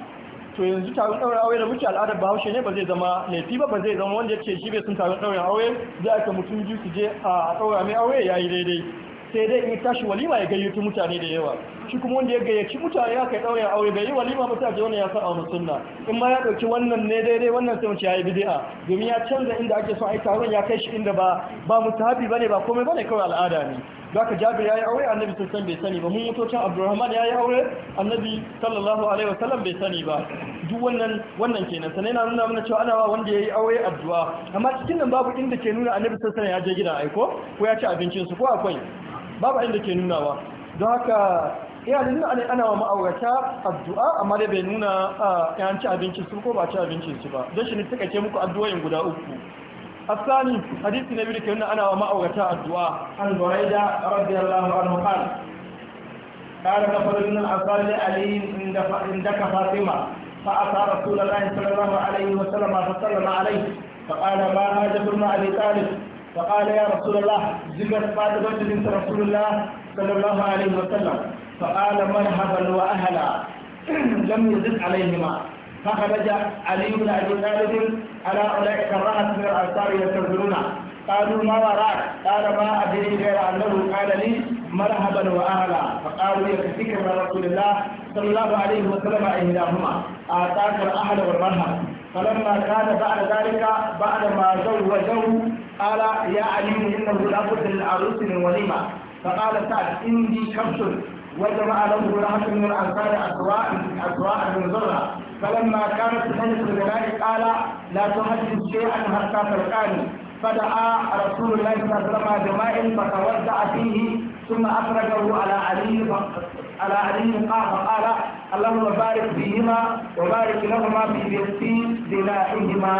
to yanzu taron ɗaurin aure da muke al'adar bahaushe ne ba zai zama laifi ba ba zai zama wanda ya ce shi bai sun taron ɗaurin aure zai aka mutum biyu su je a ɗaura aure ya yi daidai sai dai in tashi walima ya gayyaci mutane da yawa shi kuma wanda ya gayyaci mutane ya kai ɗaurin aure bai yi walima ba sai wannan ya san aure sunna in ma ya ɗauki wannan ne daidai wannan sai mace ya yi bid'a domin ya canza inda ake son ai taron ya kai shi inda ba ba mutahabi bane ba komai bane kawai al'ada ne zaka Jabir yi aure annabi sallallahu alaihi bai sani ba mun mutocin Abdurrahman yi aure annabi sallallahu alaihi wasallam bai sani ba duk wannan wannan kenan sanai na nuna mana cewa ana wa wanda yayi aure addu'a amma cikin nan babu inda ke nuna annabi sallallahu ya je gidan aiko ko ya ci abincin su ko akwai babu inda ke nunawa don haka iyalin nuna ne ana wa ma'aurata addu'a amma dai bai nuna yan ci abinci su ko ba ci abinci su ba don shi ne suka ke muku addu'o'in guda uku asali hadisi na biyu da ke nuna ana wa ma'aurata addu'a an buraida radiyallahu anhu qala قال نفر من ka fatima fa فاطمة فأتى رسول الله صلى الله عليه وسلم فسلم عليه فقال ما هاجة ابن أبي talib فقال يا رسول الله ذكر فاطمة بنت رسول الله صلى الله عليه وسلم فقال مرحبا وأهلا لم يزد عليهما فخرج علي بن أبي طالب على أولئك الرأس من الأنصار يستنزلون قالوا ما وراك قال ما أدري غير أنه قال لي مرحبا وأهلا فقالوا يكفيك من رسول الله صلى الله عليه وسلم إحداهما آتاك الأهل والمرحب فلما كان بعد ذلك بعد ما زوجوا قال يا علي انه لابد للعروس من وليمه فقال سعد اني شمس وجمع له رهط من الانصار اسواء اسواء بن زره فلما كانت تحدث بذلك قال لا تحدث شيئا حتى تلقاني فدعا رسول الله صلى الله عليه وسلم بماء فتوزع فيه ثم اخرجه على علي على علي قال قال اللهم بارك فيهما وبارك لهما في بيتين دلاحهما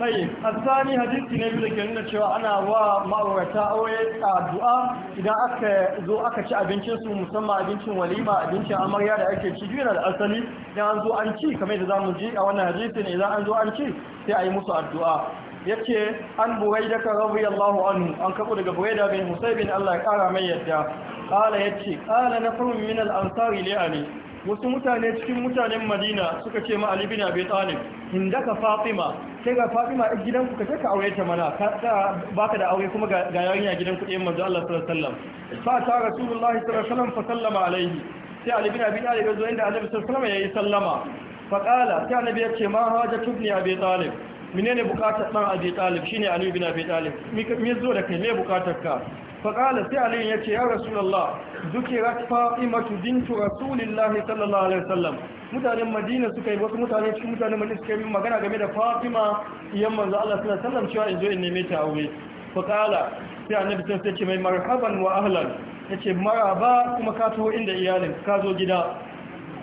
طيب الثاني حديث النبي da nuna cewa ana wa ma'aurata aure a addu'a idan aka zo aka ci abincinsu musamman abincin walima abincin amarya da ake ci yana da asali idan an zo an ci kamar da zamu ji a wannan hadisin idan an zo an ci sai a yi musu addu'a yake an buraida ka yallahu anu an kabo daga buraida bin husaybin Allah ya kara mai yadda ya ce ƙala na farin min al ne a ne. wasu mutane cikin mutanen Madina suka ce ma Ali bin Abi Talib indaka Fatima sai ga Fatima a gidanku ka kace ka aure ta mana ka baka da aure kuma ga yarinya gidan ku ɗayan manzo Allah sallallahu alaihi wasallam fa ta rasulullahi sallallahu alaihi wasallam fa sallama alaihi sai Ali bin Abi Talib ya zo inda Annabi sallallahu alaihi ya yi sallama fa kala sai Annabi ya ce ma hajatu ibn Abi Talib menene bukatar dan abi talib shine ali bin abi talib me zo da kai me bukatar ka fa qala sai ali yace ya rasulullah dukirat fatima bintu rasulillah sallallahu alaihi wasallam mutanen madina suka yi wasu mutane cikin mutanen madina suka yi magana game da fatima iyan manzo Allah sallallahu alaihi wasallam cewa in in neme ta aure fa qala sai annabi sai ce mai marhaban wa ahlan yace maraba kuma ka taho inda iyalin ka zo gida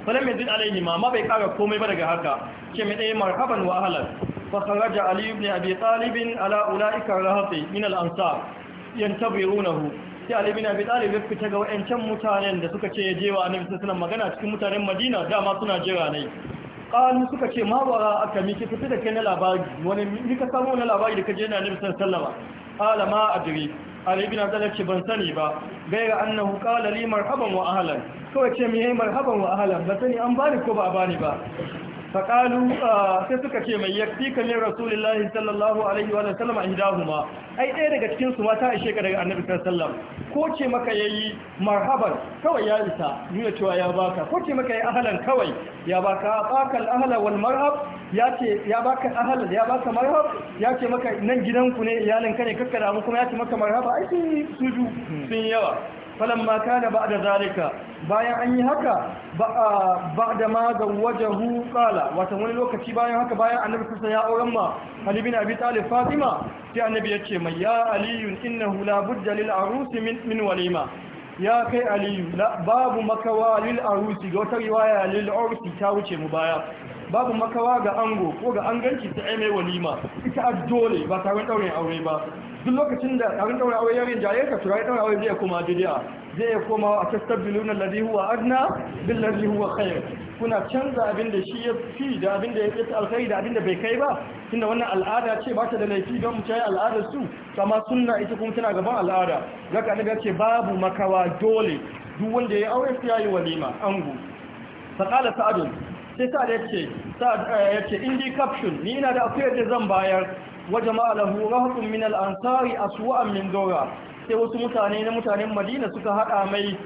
falam yazid alaihi ma ma bai kara komai ba daga haka ce mai dai eh, marhaban wa ahlan فخرج علي بن أبي طالب على أولئك الرهط من الأنصار ينتظرونه sai Ali bin Abi fita ga wayancan mutanen da suka ce ya jewa Annabi sallallahu alaihi magana cikin mutanen Madina dama suna jira nai, qalu suka ce ma bara aka miki fita kai na labari wani mika samu na labari da ka je na Annabi sallallahu alaihi wasallam qala Ali bin Abi Talib ce ban sani ba gaira annahu qala li marhaban wa ahlan kawai ce mi yayi marhaban wa ahlan ba sani an bani ko ba a bani ba faƙalu sai suka ce mai yafi kamar rasulullahi sallallahu alaihi wa sallam a hidahuma ai ɗaya daga cikin su mata a shekara daga annabi sallam ko ce maka yayi marhaban kawai ya isa nuna cewa ya baka ko ce maka yayi ahlan kawai ya baka baka al-ahla wal marhab ya ce ya baka ahalan ya baka marhab ya ce maka nan gidanku ne iyalin ka ne kakkada mu kuma ya ce maka marhaba ai suju sun yawa falamma kana ba'da zalika bayan an yi haka ba'da ma zawwajahu qala wato wani lokaci bayan haka bayan annabi kusa ya auren ma Ali bin Abi Talib Fatima sai annabi ya ce mai ya aliyu innahu la budda lil arusi min walima ya kai aliyu babu makawa lil arusi ga wata riwaya lil arusi ta wuce mu baya babu makawa ga ango ko ga anganci ta mai walima ita dole ba tare da ɗaurin aure ba duk lokacin da tarin daura aure yarin jaye ka turare daura aure zai koma jidiya zai koma a tastabiluna alladhi huwa adna bil ladhi huwa khair kuna canza abin da shi ya fi da abin da ya fi alkhairi da abin da bai kai ba tunda wannan al'ada ce ba ta da laifi don mu mutane al'adar su kama sunna ita kuma tana gaban al'ada zaka annabi ce babu makawa dole duk wanda ya aure sai yayi walima angu. faqala sa'ad sai sa'ad ya ce sa'ad eh, indi caption ni ina da akuyar da zan bayar وجمع له رهط من ansari a من دورا sai wasu mutane na mutanen madina suka hada mai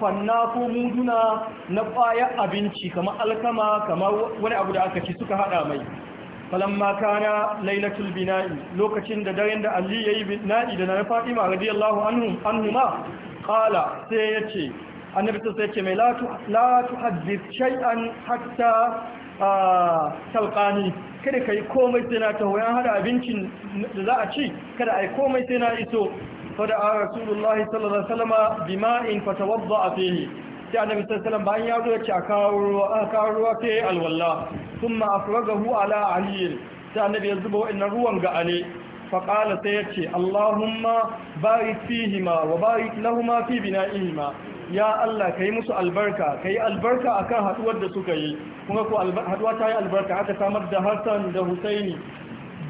fanna ko muduna na kwaya abinci kamar alkama kamar wani abu da aka ci suka hada mai falamma kana lailatul bina'i lokacin da daren da Ali yayi bina'i da na Fatima radiyallahu anhum anhuma qala sai yace annabi sai yace mai la tu la tuhaddith shay'an hatta talqani kada ka yi komai sai na taho ya hada abincin da za a ci kada a yi komai sai na iso fada rasulullahi sallallahu alaihi wasallam bima'in a fihi sai annabi sallallahu bayan ya zo ya ci a kawo ruwa a kawo ruwa sai alwalla thumma afragahu ala ali sai annabi ya zuba wa'annan ruwan ga ali fa qala sai ya ce allahumma barik fihima wa barik lahumu fi bina'ihima ya Allah ka yi musu albarka ka yi albarka a kan haduwar da suka yi kuma ko haduwa ta yi albarka aka samar da hassan da husaini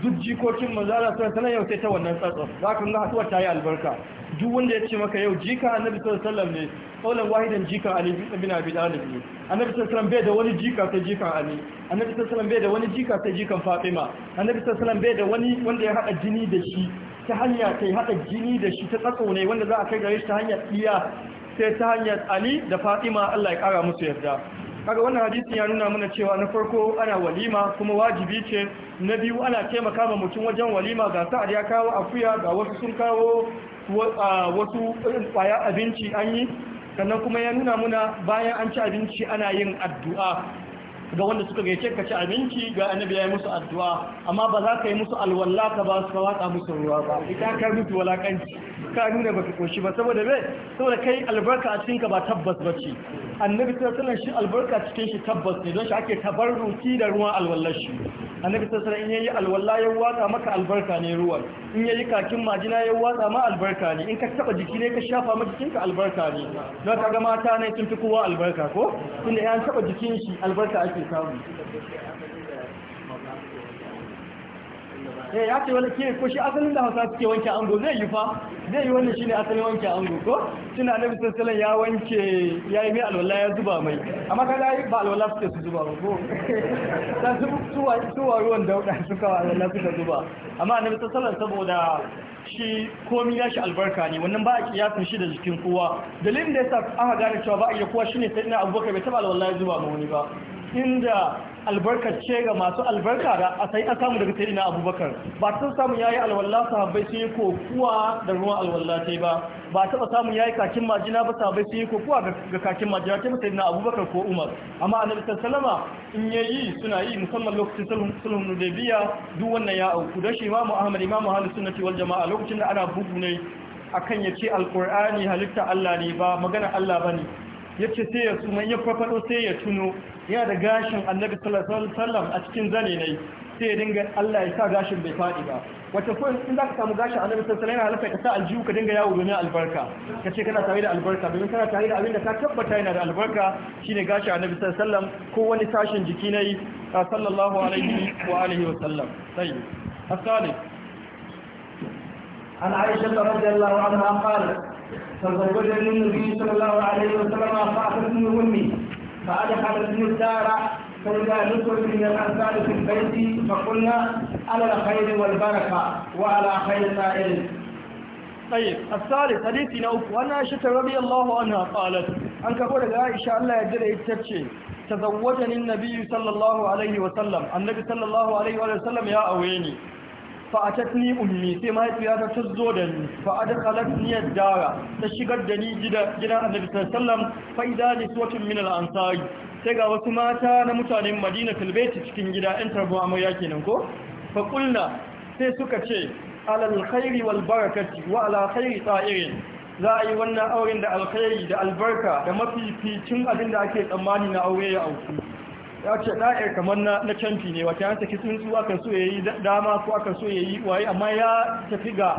duk jikokin manzala sun sanar yau sai ta wannan tsatsa za ka ga haduwar ta yi albarka duk wanda ya ce maka yau jika annabi sallallahu alaihi wasallam ne kaulan wahidan jika ali bin abi talib ne annabi sallam bai da wani jika sai jikan ali annabi sallam bai da wani jika sai jikan fatima annabi sallam bai da wani wanda ya haɗa jini da shi ta hanya kai hada jini da shi ta tsatso ne wanda za a kai gare shi ta hanyar iya sai ta hanyar ali da fatima allah ya kara musu yarda kaga wannan hadisin ya nuna mana cewa na farko ana walima kuma wajibi ce na biyu ana taimaka ma mutum wajen walima ga sa'ad ya kawo akuya ga wasu sun kawo wasu kwaya abinci an yi sannan kuma ya nuna muna bayan an ci abinci ana yin addu'a ga wanda suka gaice ka ci abinci ga annabi ya yi musu addu'a amma ba za ka yi musu alwalla ka ba su ka musu ruwa ba ita ka mutu walakanci ka nuna ba baka koshi ba saboda bai saboda kai albarka a cikin ka ba tabbas ba ce annabi sallallahu alaihi shi albarka cikin shi tabbas ne don shi ake tabarruki da ruwan alwallar shi annabi sallallahu in in yayi alwalla ya watsa maka albarka ne ruwan in yayi kakin majina ya watsa ma albarka ne in ka taba jiki ne ka shafa ma jikin ka albarka ne don ka ga mata ne sun fi kowa albarka ko tunda ya taba jikin shi albarka ake samu eh, ya ce wani ke ko asalin da hausa suke wanke ango zai yi fa zai yi wannan shine asalin wanke ango ko tuna na bisan salon ya wanke ya yi mai alwala ya zuba mai amma ka ga ba alwala suke su zuba ba ko (laughs) ta su suwa suwa ruwan dauda (laughs) suka alwala suka zuba amma na bisan salon saboda shi komi ya shi albarka ne wannan ba a kiyasin shi da jikin kowa dalilin da yasa aka gane cewa ba a iya kowa shine sai ina abubakar bai taba alwala ya zuba ma wani ba inda ce ga masu albarka da a sai an samu daga sai ina abubakar ba sun samu ya yi alwallah haɓai su yi kokuwa da ruwan alwallah ta ba ba ba samun ya yi kakin majina ba haɓai su yi kokuwa ga kakin majina ta sai ina abubakar ko umar amma annabi sallama in ya yi suna yi musamman lokacin sulhun hudaybiya duk wannan ya auku da shi imamu ahmad imamu halin sunnati wal jama'a lokacin da ana bugu ne akan ya ce alqur'ani halitta Allah ne ba magana Allah bane yace sai ya suma ya fafado sai ya tuno yana da gashin annabi sallam a cikin zane ne sai ya dinga Allah ya sa gashin bai fadi ba wata ko in za ka samu gashin annabi sallallahu alaihi wasallam ka sa aljihu ka dinga yawo domin albarka ka kace kana tare da albarka domin kana tare da abin da ka tabbata yana da albarka shine gashin annabi sallallahu alaihi wasallam ko wani sashin jiki ne sallallahu alaihi wa alihi wasallam sai asali عن عائشة رضي الله عنها قالت تزوجني النبي صلى الله عليه وسلم من أمي فأدخلتني الدار فإذا نزل من الأنفال في البيت فقلنا على الخير والبركة وعلى خير سائر طيب الثالث حديث نوف وأن عائشة رضي الله عنها قالت أن كقول عائشة ألا يجري التبشي تزوجني النبي صلى الله عليه وسلم النبي صلى الله عليه وسلم يا أويني fa'atatni ummi sai mahaifiyata ta zo da ni fa'adakalat niyar dara ta shigar da ni gidan annabi sallam fa'ida ne suwatun min al'ansari sai ga wasu mata na mutanen madina filbeti cikin gida 'yan tarbo amarya kenan ko faƙulna sai suka ce alalkhairi walbarakati wa alkhairi tsa'irin za a yi wannan auren da alkhairi da albarka da mafificin abin da ake tsammani na aure ya auku ya ce ɗa'ir kamar na canfi ne wata yanta kisun su aka so ya yi dama ko aka so ya yi waye amma ya tafi ga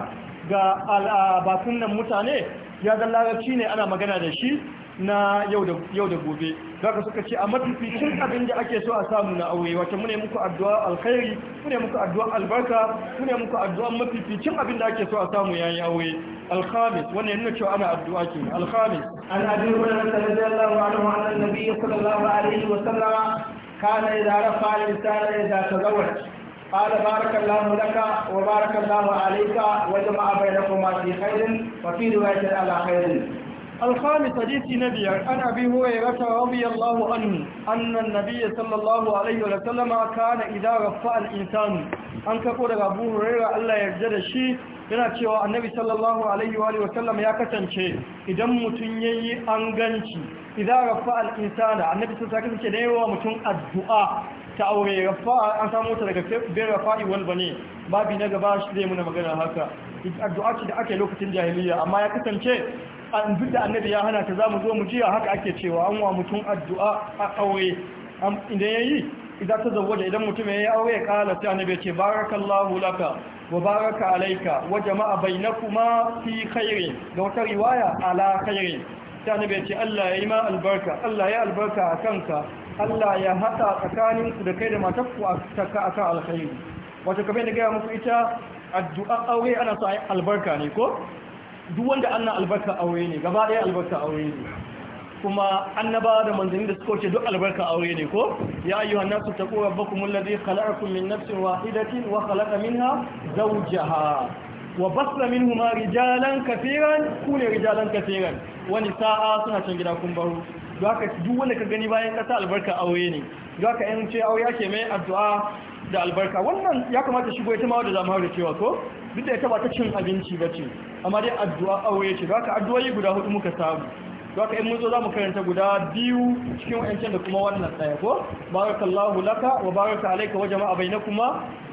al’abakun nan mutane ya zan lagarci ne ana magana da shi na yau da gobe za ka suka ce a mafificin abin da ake so a samu na aure wata mune muku addu'a alkhairi mune muku addu'a albarka mune muku addu'a mafificin abin da ake so a samu ya yi aure الخامس wani ينك شو انا ادعاكي الخامس عن ابي هريره رضي الله عنه عن النبي صلى الله عليه وسلم كان إذا رفع الإنسان إذا تزوج قال بارك الله لك وبارك الله عليك وجمع بينكما في خير وفي رواية على خير الخامس حديث نبي عن أبي هريرة رضي الله عنه أن النبي صلى الله عليه وسلم كان إذا رفع الإنسان أنك قول أبو هريرة ألا يرجد الشيء yana cewa annabi sallallahu alaihi wa sallam ya kasance idan mutum yayi an ganci idan rafa al-insana annabi sun ta kasance yi wa mutum addu'a ta aure rafa an samu ta daga bin rafa'i wal bani babi na gaba shi zai muna magana haka addu'a ce da ake lokacin jahiliya amma ya kasance an duk da annabi ya hana ta za mu zo mu jiya haka ake cewa an wa mutum addu'a a aure idan ya yi idan ta da idan mutum ya yi aure ya kala sai annabi ya ce barakallahu laka wa baraka alaika wa jama'a bainakuma fi khairin da wata riwaya ala khairin sai annabi ya ce Allah ya yi ma albarka Allah ya albarka a kanka Allah ya haɗa tsakaninku da kai da matarku a akan alkhairi wato kamar da gaya muku ita addu'a aure ana sa albarka ne ko duk wanda annan albarka aure ne gaba ɗaya albarka aure ne kuma an annaba da manzanni da suka wuce duk albarka aure ne ko ya ayyuha nasu taqu rabbakum alladhi khalaqakum min nafsin wahidatin wa khalaqa minha zawjaha wa basla minhuma rijalan kafiran kuna rijalan kafiran wani sa'a suna can gida kun baro don duk wanda ka gani bayan kasa albarka aure ne don haka yan ce aure ake mai addu'a da albarka wannan ya kamata shigo ya ma da zamu da cewa ko duk da ya taba ta cin abinci ba ce amma dai addu'a aure ce addu'a yi guda hudu muka samu ka in mun za mu karanta guda biyu cikin wa'ancan da kuma wannan tsaye ko barakallahu laka wa baraka alayka wa jama'a bainakuma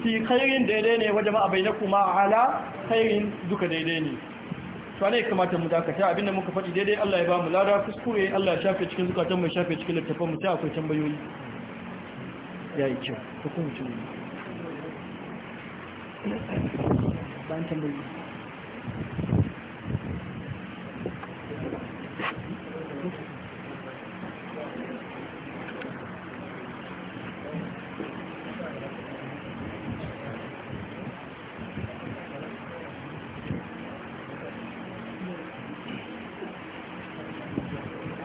fi khairin daidai ne wa jama'a bainakuma ala khairin duka daidai ne to ne kamata mu dakata abinda muka faɗi daidai Allah ya ba mu lada kuskure Allah ya shafe cikin zukatan mu shafe cikin littafin mu ta akwai tambayoyi ya iki. Dokun için. Ben tembeliyim.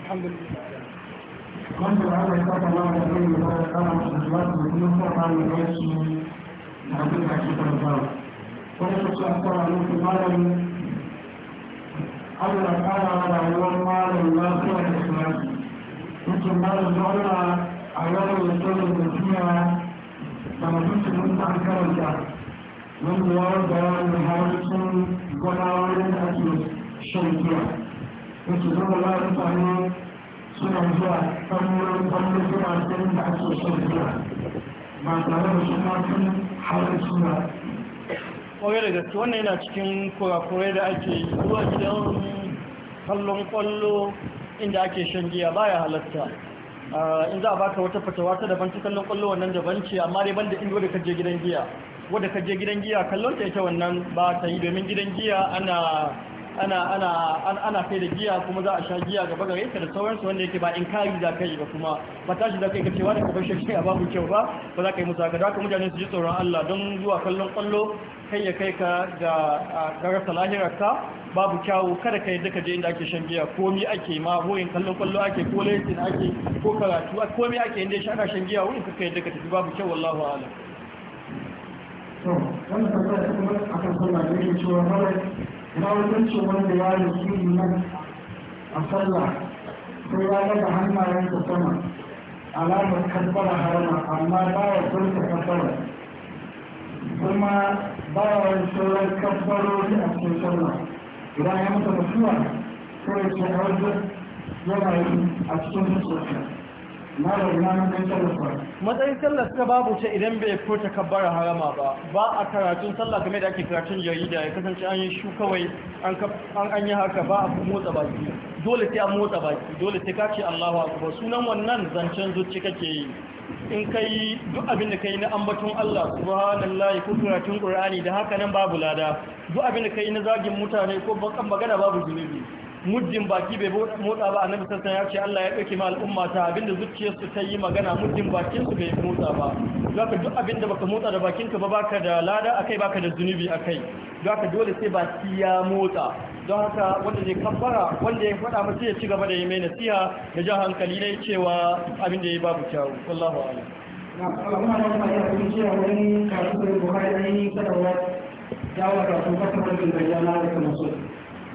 Alhamdulillah. wanda ba Allah ya saka mana da kai ba da kama da zuwa da kuma sa ba mu da su na da ake karantawa wani su a fara muku malami Allah ya kara wa rayuwar malam lafiya da ikhlasi mutum malam da Allah a yau ya tsoro da kiya da mutum mun san karanta wanda ya da wani harsun gwada wani da ake shan kiya. Wasu zama lafiya suna zuwa ɓangarorin ɓangarorin suna ɗin da ake son zuwa ba tare da suna sun halar suna kwarai da gaske wannan yana cikin kurakurai da ake zuwa gidan kallon kwallo inda ake shan giya baya halatta in za a baka wata fatawa ta daban ta kallon kwallo wannan daban ce amma dai banda inda wadda je gidan giya wadda kaje gidan giya kallon ta ita wannan ba ta yi domin gidan giya ana ana ana ana kai da giya kuma za a sha giya gaba gare ka da sauransu wanda yake ba in kari za ka yi ba kuma ba shi za ka yi kacewa cewa da ka fashe (laughs) a babu kyau ba ba za ka yi musu haka ka mutane su ji tsoron Allah don zuwa kallon kwallo kai ya kai ka ga rasa lahirarka babu kyawu kada ka yadda ka je inda ake shan giya komi ake ma hoyin kallon kwallo ake ko laifin ake ko karatu komi ake inda sha ana shan giya wurin ka yadda ka tafi babu kyau wallahu a'lam. wannan tambaya kuma akan sallah ne cewa mara na wanda ya yi nan a sallah sai ya daga ta sama alamar kabbara harama amma ba ya furta kasbara kuma ba ya wani sauran kabbarori a cikin sallah idan ya mutu mutuwa sai ya ce a wajen yana yi a cikin zuciyarsa matsayin sallah suka babu ce idan bai ko kabbara harama ba ba a karatun sallah game da ake karatun jarida ya kasance an yi shu kawai an yi haka ba a motsa baki dole sai an motsa baki dole sai kace Allahu akbar sunan wannan zancen zuci kake yi in kai duk abin da kai na ambaton Allah subhanallahi ko karatun Qur'ani da haka nan babu lada duk abin da kai na zagin mutane ko bakan magana babu zunubi muddin baki bai motsa ba annabi sassan ya ce Allah ya ɗauki ma al'umma ta abinda zuciyarsu ta yi magana muddin bakinsu bai motsa ba za ka duk abinda baka motsa da bakinka ba baka da lada akai baka da zunubi akai za ka dole sai baki ya motsa don haka wanda zai kabbara wanda ya faɗa masu ya ci gaba da yi mai nasiha da ja hankali ne cewa abin da ya babu kyawu wallahu a'lam ya wata su fasa da bayyana da masu.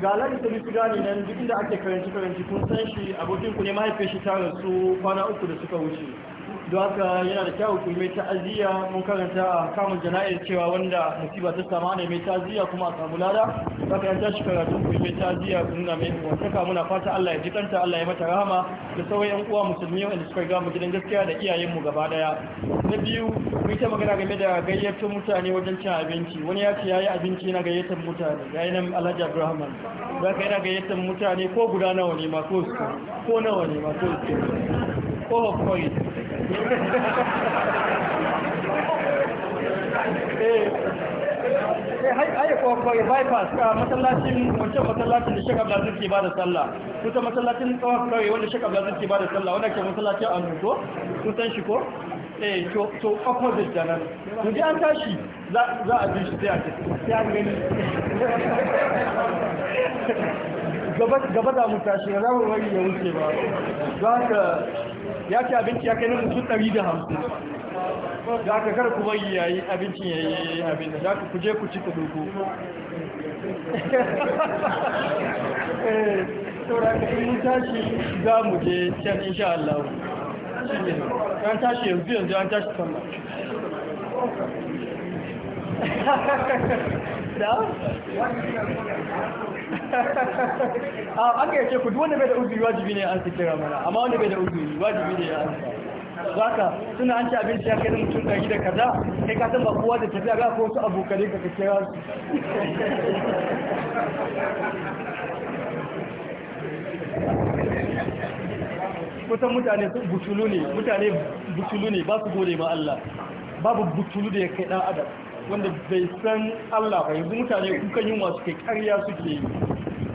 ga lari ta bisu gane nan duk inda ake karanci karanci kun san shi abokin ku ne mahaifin shi ta rasu kwana uku da suka wuce don haka yana da kyau ku mai ta'aziyya mun karanta a kamun jana'ir cewa wanda musiba ta sama ne mai ta'aziyya kuma a samu lada haka yan shi karatu ku mai ta'aziyya ku nuna mai wataka muna fata Allah ya jikanta Allah ya mata rahama da sauran yan uwa musulmi wanda suka ga mu gidan gaskiya da iyayen mu gaba daya na biyu mu ta magana game da gayyatar mutane wajen cin abinci wani ya ce yayi abinci na gayyatar mutane ga nan Alhaji Ibrahim za ka yana gayyatar mutane ko guda nawa ne ma ko ko nawa ne ma ko ko of Eh, eh, ai bypass a matsalacin wancan matsalacin da shek abdazin ke ba da sallah kusa matsalacin tsawon kawai wanda shek abdazin ke ba da sallah wanda ke matsalacin annuto kusan shi ko eh to opposite da nan yanzu an tashi za a bi shi sai a sai gani gaba da mu tashi ya zama wani ya wuce ba za ka ya ce abinci ya kai na mutum ɗari da hamsin za ka kar kuma ya yi abincin ya yi abin da za ka kuje ku ci ku duku saura ka in mun tashi za mu je can insha Allah an tashi yanzu yanzu an tashi sama (laughs) da a an ga ku duk wanda bai da uzuri wajibi ne an kira mana amma wanda bai da uzuri wajibi ne ya ansa zaka suna an ci abinci ya kai mutum ɗari da kaza kai ka san ba kowa da tafiya ga kowace wasu abokanai ka kira su kusan mutane butulu ne mutane butulu ne ba su gode ma Allah babu butulu da ya kai ɗan adam wanda bai san Allah ba yanzu mutane kukan yin wasu kai karya suke yi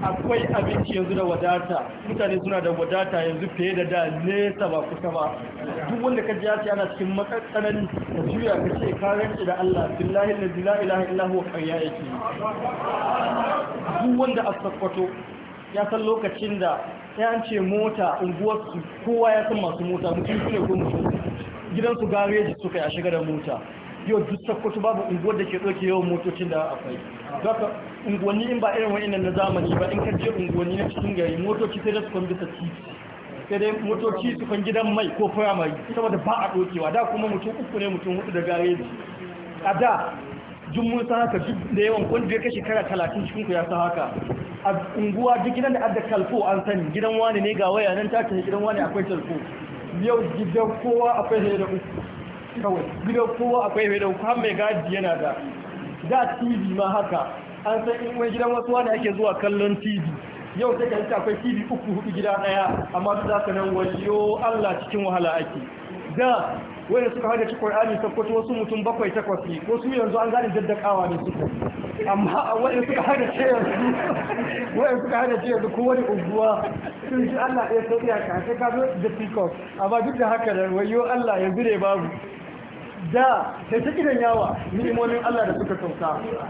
akwai abinci yanzu da wadata mutane suna da wadata yanzu fiye da da nesa ba kusa ba duk wanda ka jiya ce ana cikin matsatsanan da juya ka ce ka rance da Allah billahi allazi la ilaha illa wa qarya yake duk wanda a sakwato ya san lokacin da ya ce mota unguwar su kowa ya san masu mota mutum ne ko mutum gidansu gareji suka ya shiga da mota yau duk sakkwato babu unguwar da ke ɗauke yawan motocin da akwai zaka unguwanni in ba irin wa'in na zamani ba in ka je unguwanni na cikin gari motoci sai da su bisa titi sai dai motoci su kan gidan mai ko firamari saboda ba a ɗaukewa. da kuma mutum uku ne mutum hudu da gareji a da jummun san haka duk da yawan kwan biyar ka shekara talatin cikin ku ya san haka a unguwa duk gidan da adda kalfo an sani gidan wani ne ga waya nan ta gidan wani akwai kalfo yau gidan kowa akwai hira uku kawai gidan kowa akwai mai dauka mai gadi yana da da tv ma haka an san in wani gidan wasu wanda ake zuwa kallon tv yau sai ka akwai tv uku hudu gida daya amma duk zaka nan wayo Allah cikin wahala ake da wanda suka haɗa cikin Qur'ani sakwato wasu mutum bakwai takwas ne ko su yanzu an gane daddakawa ne su, amma wanda suka haɗa ce yanzu wanda suka haɗa ce yanzu ko wani unguwa sun ji Allah ɗaya sai ya ka sai ka zo da tikos amma duk da haka da wayo Allah yanzu ne babu da sai ta yawa ni'imomin Allah da suka sauka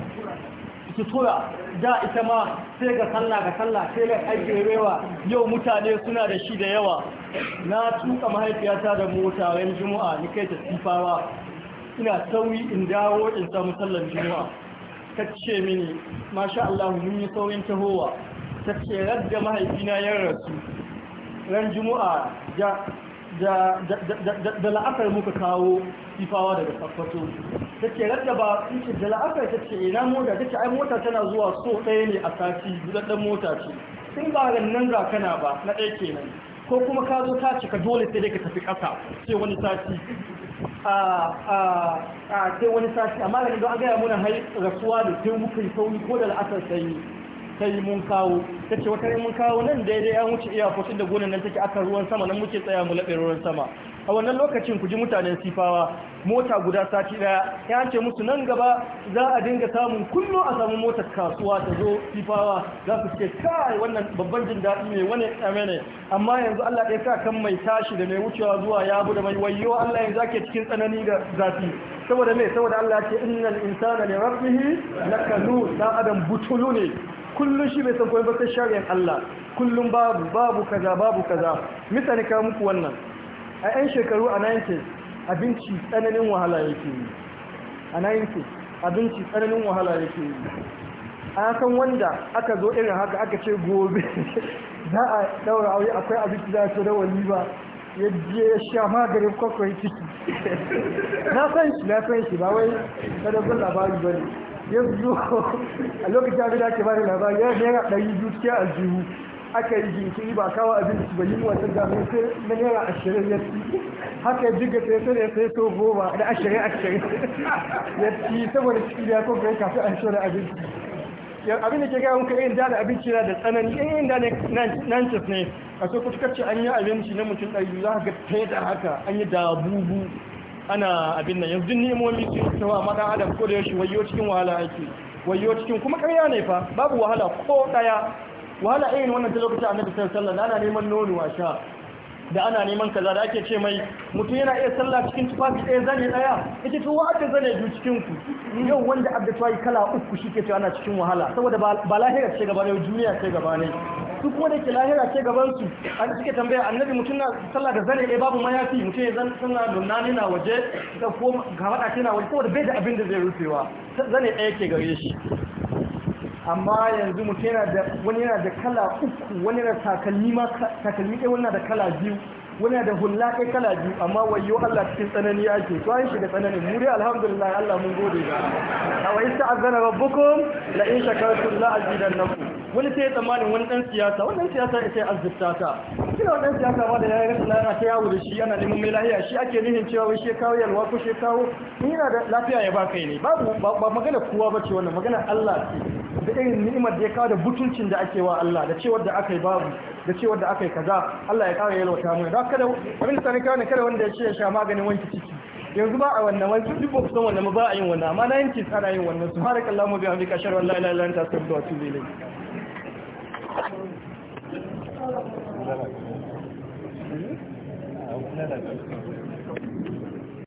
sutura da ita ma sai ga sallah ga sallah sai ga aiki rewa yau mutane suna da shi da yawa na tuka mahaifiyata da mota ran juma'a ni kai ta sifawa ina sauri in dawo in samu sallar juma'a ta ce mini masha Allah mun yi saurin tahowa ta ce radda mahaifina ya rasu ran juma'a ja da la'akar muka kawo ifawa daga tabbato ta ke rada ba ce da la'akar ta ce ina mota ta ce ai mota tana zuwa so ɗaya ne a sati zuɗaɗɗen mota ce sun ba nan za kana ba na ɗaya kenan ko kuma ka zo ta cika dole sai dai ka tafi ƙasa sai wani sati a sai wani sati amma da don an gaya muna hai rasuwa da sai muka yi sauri ko da la'asar sai sai mun kawo ta ce wata mun kawo nan daidai an wuce iyakokin da gonan nan take aka ruwan sama nan muke tsaya mu laɓe ruwan sama a wannan lokacin ku ji mutanen sifawa mota guda sati daya ya ce musu nan gaba za a dinga samun kullu a samu motar kasuwa ta zo sifawa za su ce kai wannan babban jin daɗi ne wani tsame ne amma yanzu Allah ɗaya sa kan mai tashi da mai wucewa zuwa ya da mai wayo Allah yanzu ake cikin tsanani da zafi saboda me saboda Allah ya ce innal insana li rabbihi lakanu dan adam butulu ne kullum shi bai san ba sai shari'an Allah kullum babu babu kaza babu kaza misali ka muku wannan a yan shekaru a 90 abinci tsananin wahala yake yi a 90 abinci tsananin wahala yake yi a kan wanda aka zo irin haka aka ce gobe (laughs) za a daura aure akwai abinci za a ce rawani ba ya je ya sha maganin kwakwai ciki (laughs) na san shi na san shi ba wai zan labari ba ne ya zo a lokacin abin da ake bada labari ya yana ɗari biyu a aljihu aka yi jinkiri ba kawo abinci ba yi wata gamin sai na naira ashirin ya ci haka yi jiga sai sai sai to goma da ashirin ashirin ya ci saboda ciki da ya kofa kai kafi an shirya abinci abin da ke gaya ka yin dada abinci na da tsanani eh, irin dala nancis ne a so kuka ce an yi abinci na mutum ɗari za ka ga ta haka an yi dabubu ana abin nan yanzu ni'imomi sun tawa cewa dan adam ko da yaushe wayo cikin wahala ake wayo cikin kuma ƙarya ne fa babu wahala ko daya wahala irin wannan ta lokacin annabi sallallahu alaihi wasallam ana neman nono wa sha da ana neman kaza da ake ce mai mutum yana iya sallah cikin tufafi ɗaya zane ɗaya ita to wa'adda zane biyu cikin ku yau wanda abda tuwayi kala uku shi ke cewa ana cikin wahala saboda ba lahira ce gaba ne duniya ce gaba ne duk kuma ke lahira ce gaban su an suke tambaya annabi mutum na sallah da zane ɗaya eh, babu mayafi mutum ya zana suna ne na waje da ko wada ce na waje saboda bai da abin da zai rufewa zane ɗaya ke gare shi amma yanzu mutum yana da wani yana da kala uku wani yana takalmi ma takalmi ɗaya wani da kala biyu wani yana da hulla kai kala biyu amma wayo Allah cikin tsanani yake to an shiga tsananin mu dai alhamdulillah Allah mun gode ga a wa yasta'azana rabbukum la in shakartum la azidannakum wani sai tsammanin wani ɗan siyasa wannan siyasa ya sai azurta ta kina ɗan siyasa ma da ya na yana ta yawo da shi yana neman mai lahiya shi ake nihin cewa wai shi kawo yalwa ko shi kawo yana da lafiya ya baka ne babu ba magana kowa ce wannan magana Allah ce da irin ni'imar da ya kawo da butuncin da ake wa Allah da cewar da aka yi babu da cewar da aka yi kaza Allah ya kawo yalwata mu da kada wani sanin kawo ne kada wanda ya ce ya sha maganin wanki ciki yanzu ba a wannan wani duk ba kusan wannan ba a yin wannan amma na yanki tsara yin wannan su wa bihamdika ashhadu an la ilaha illa sabuwa astaghfiruka Thank you.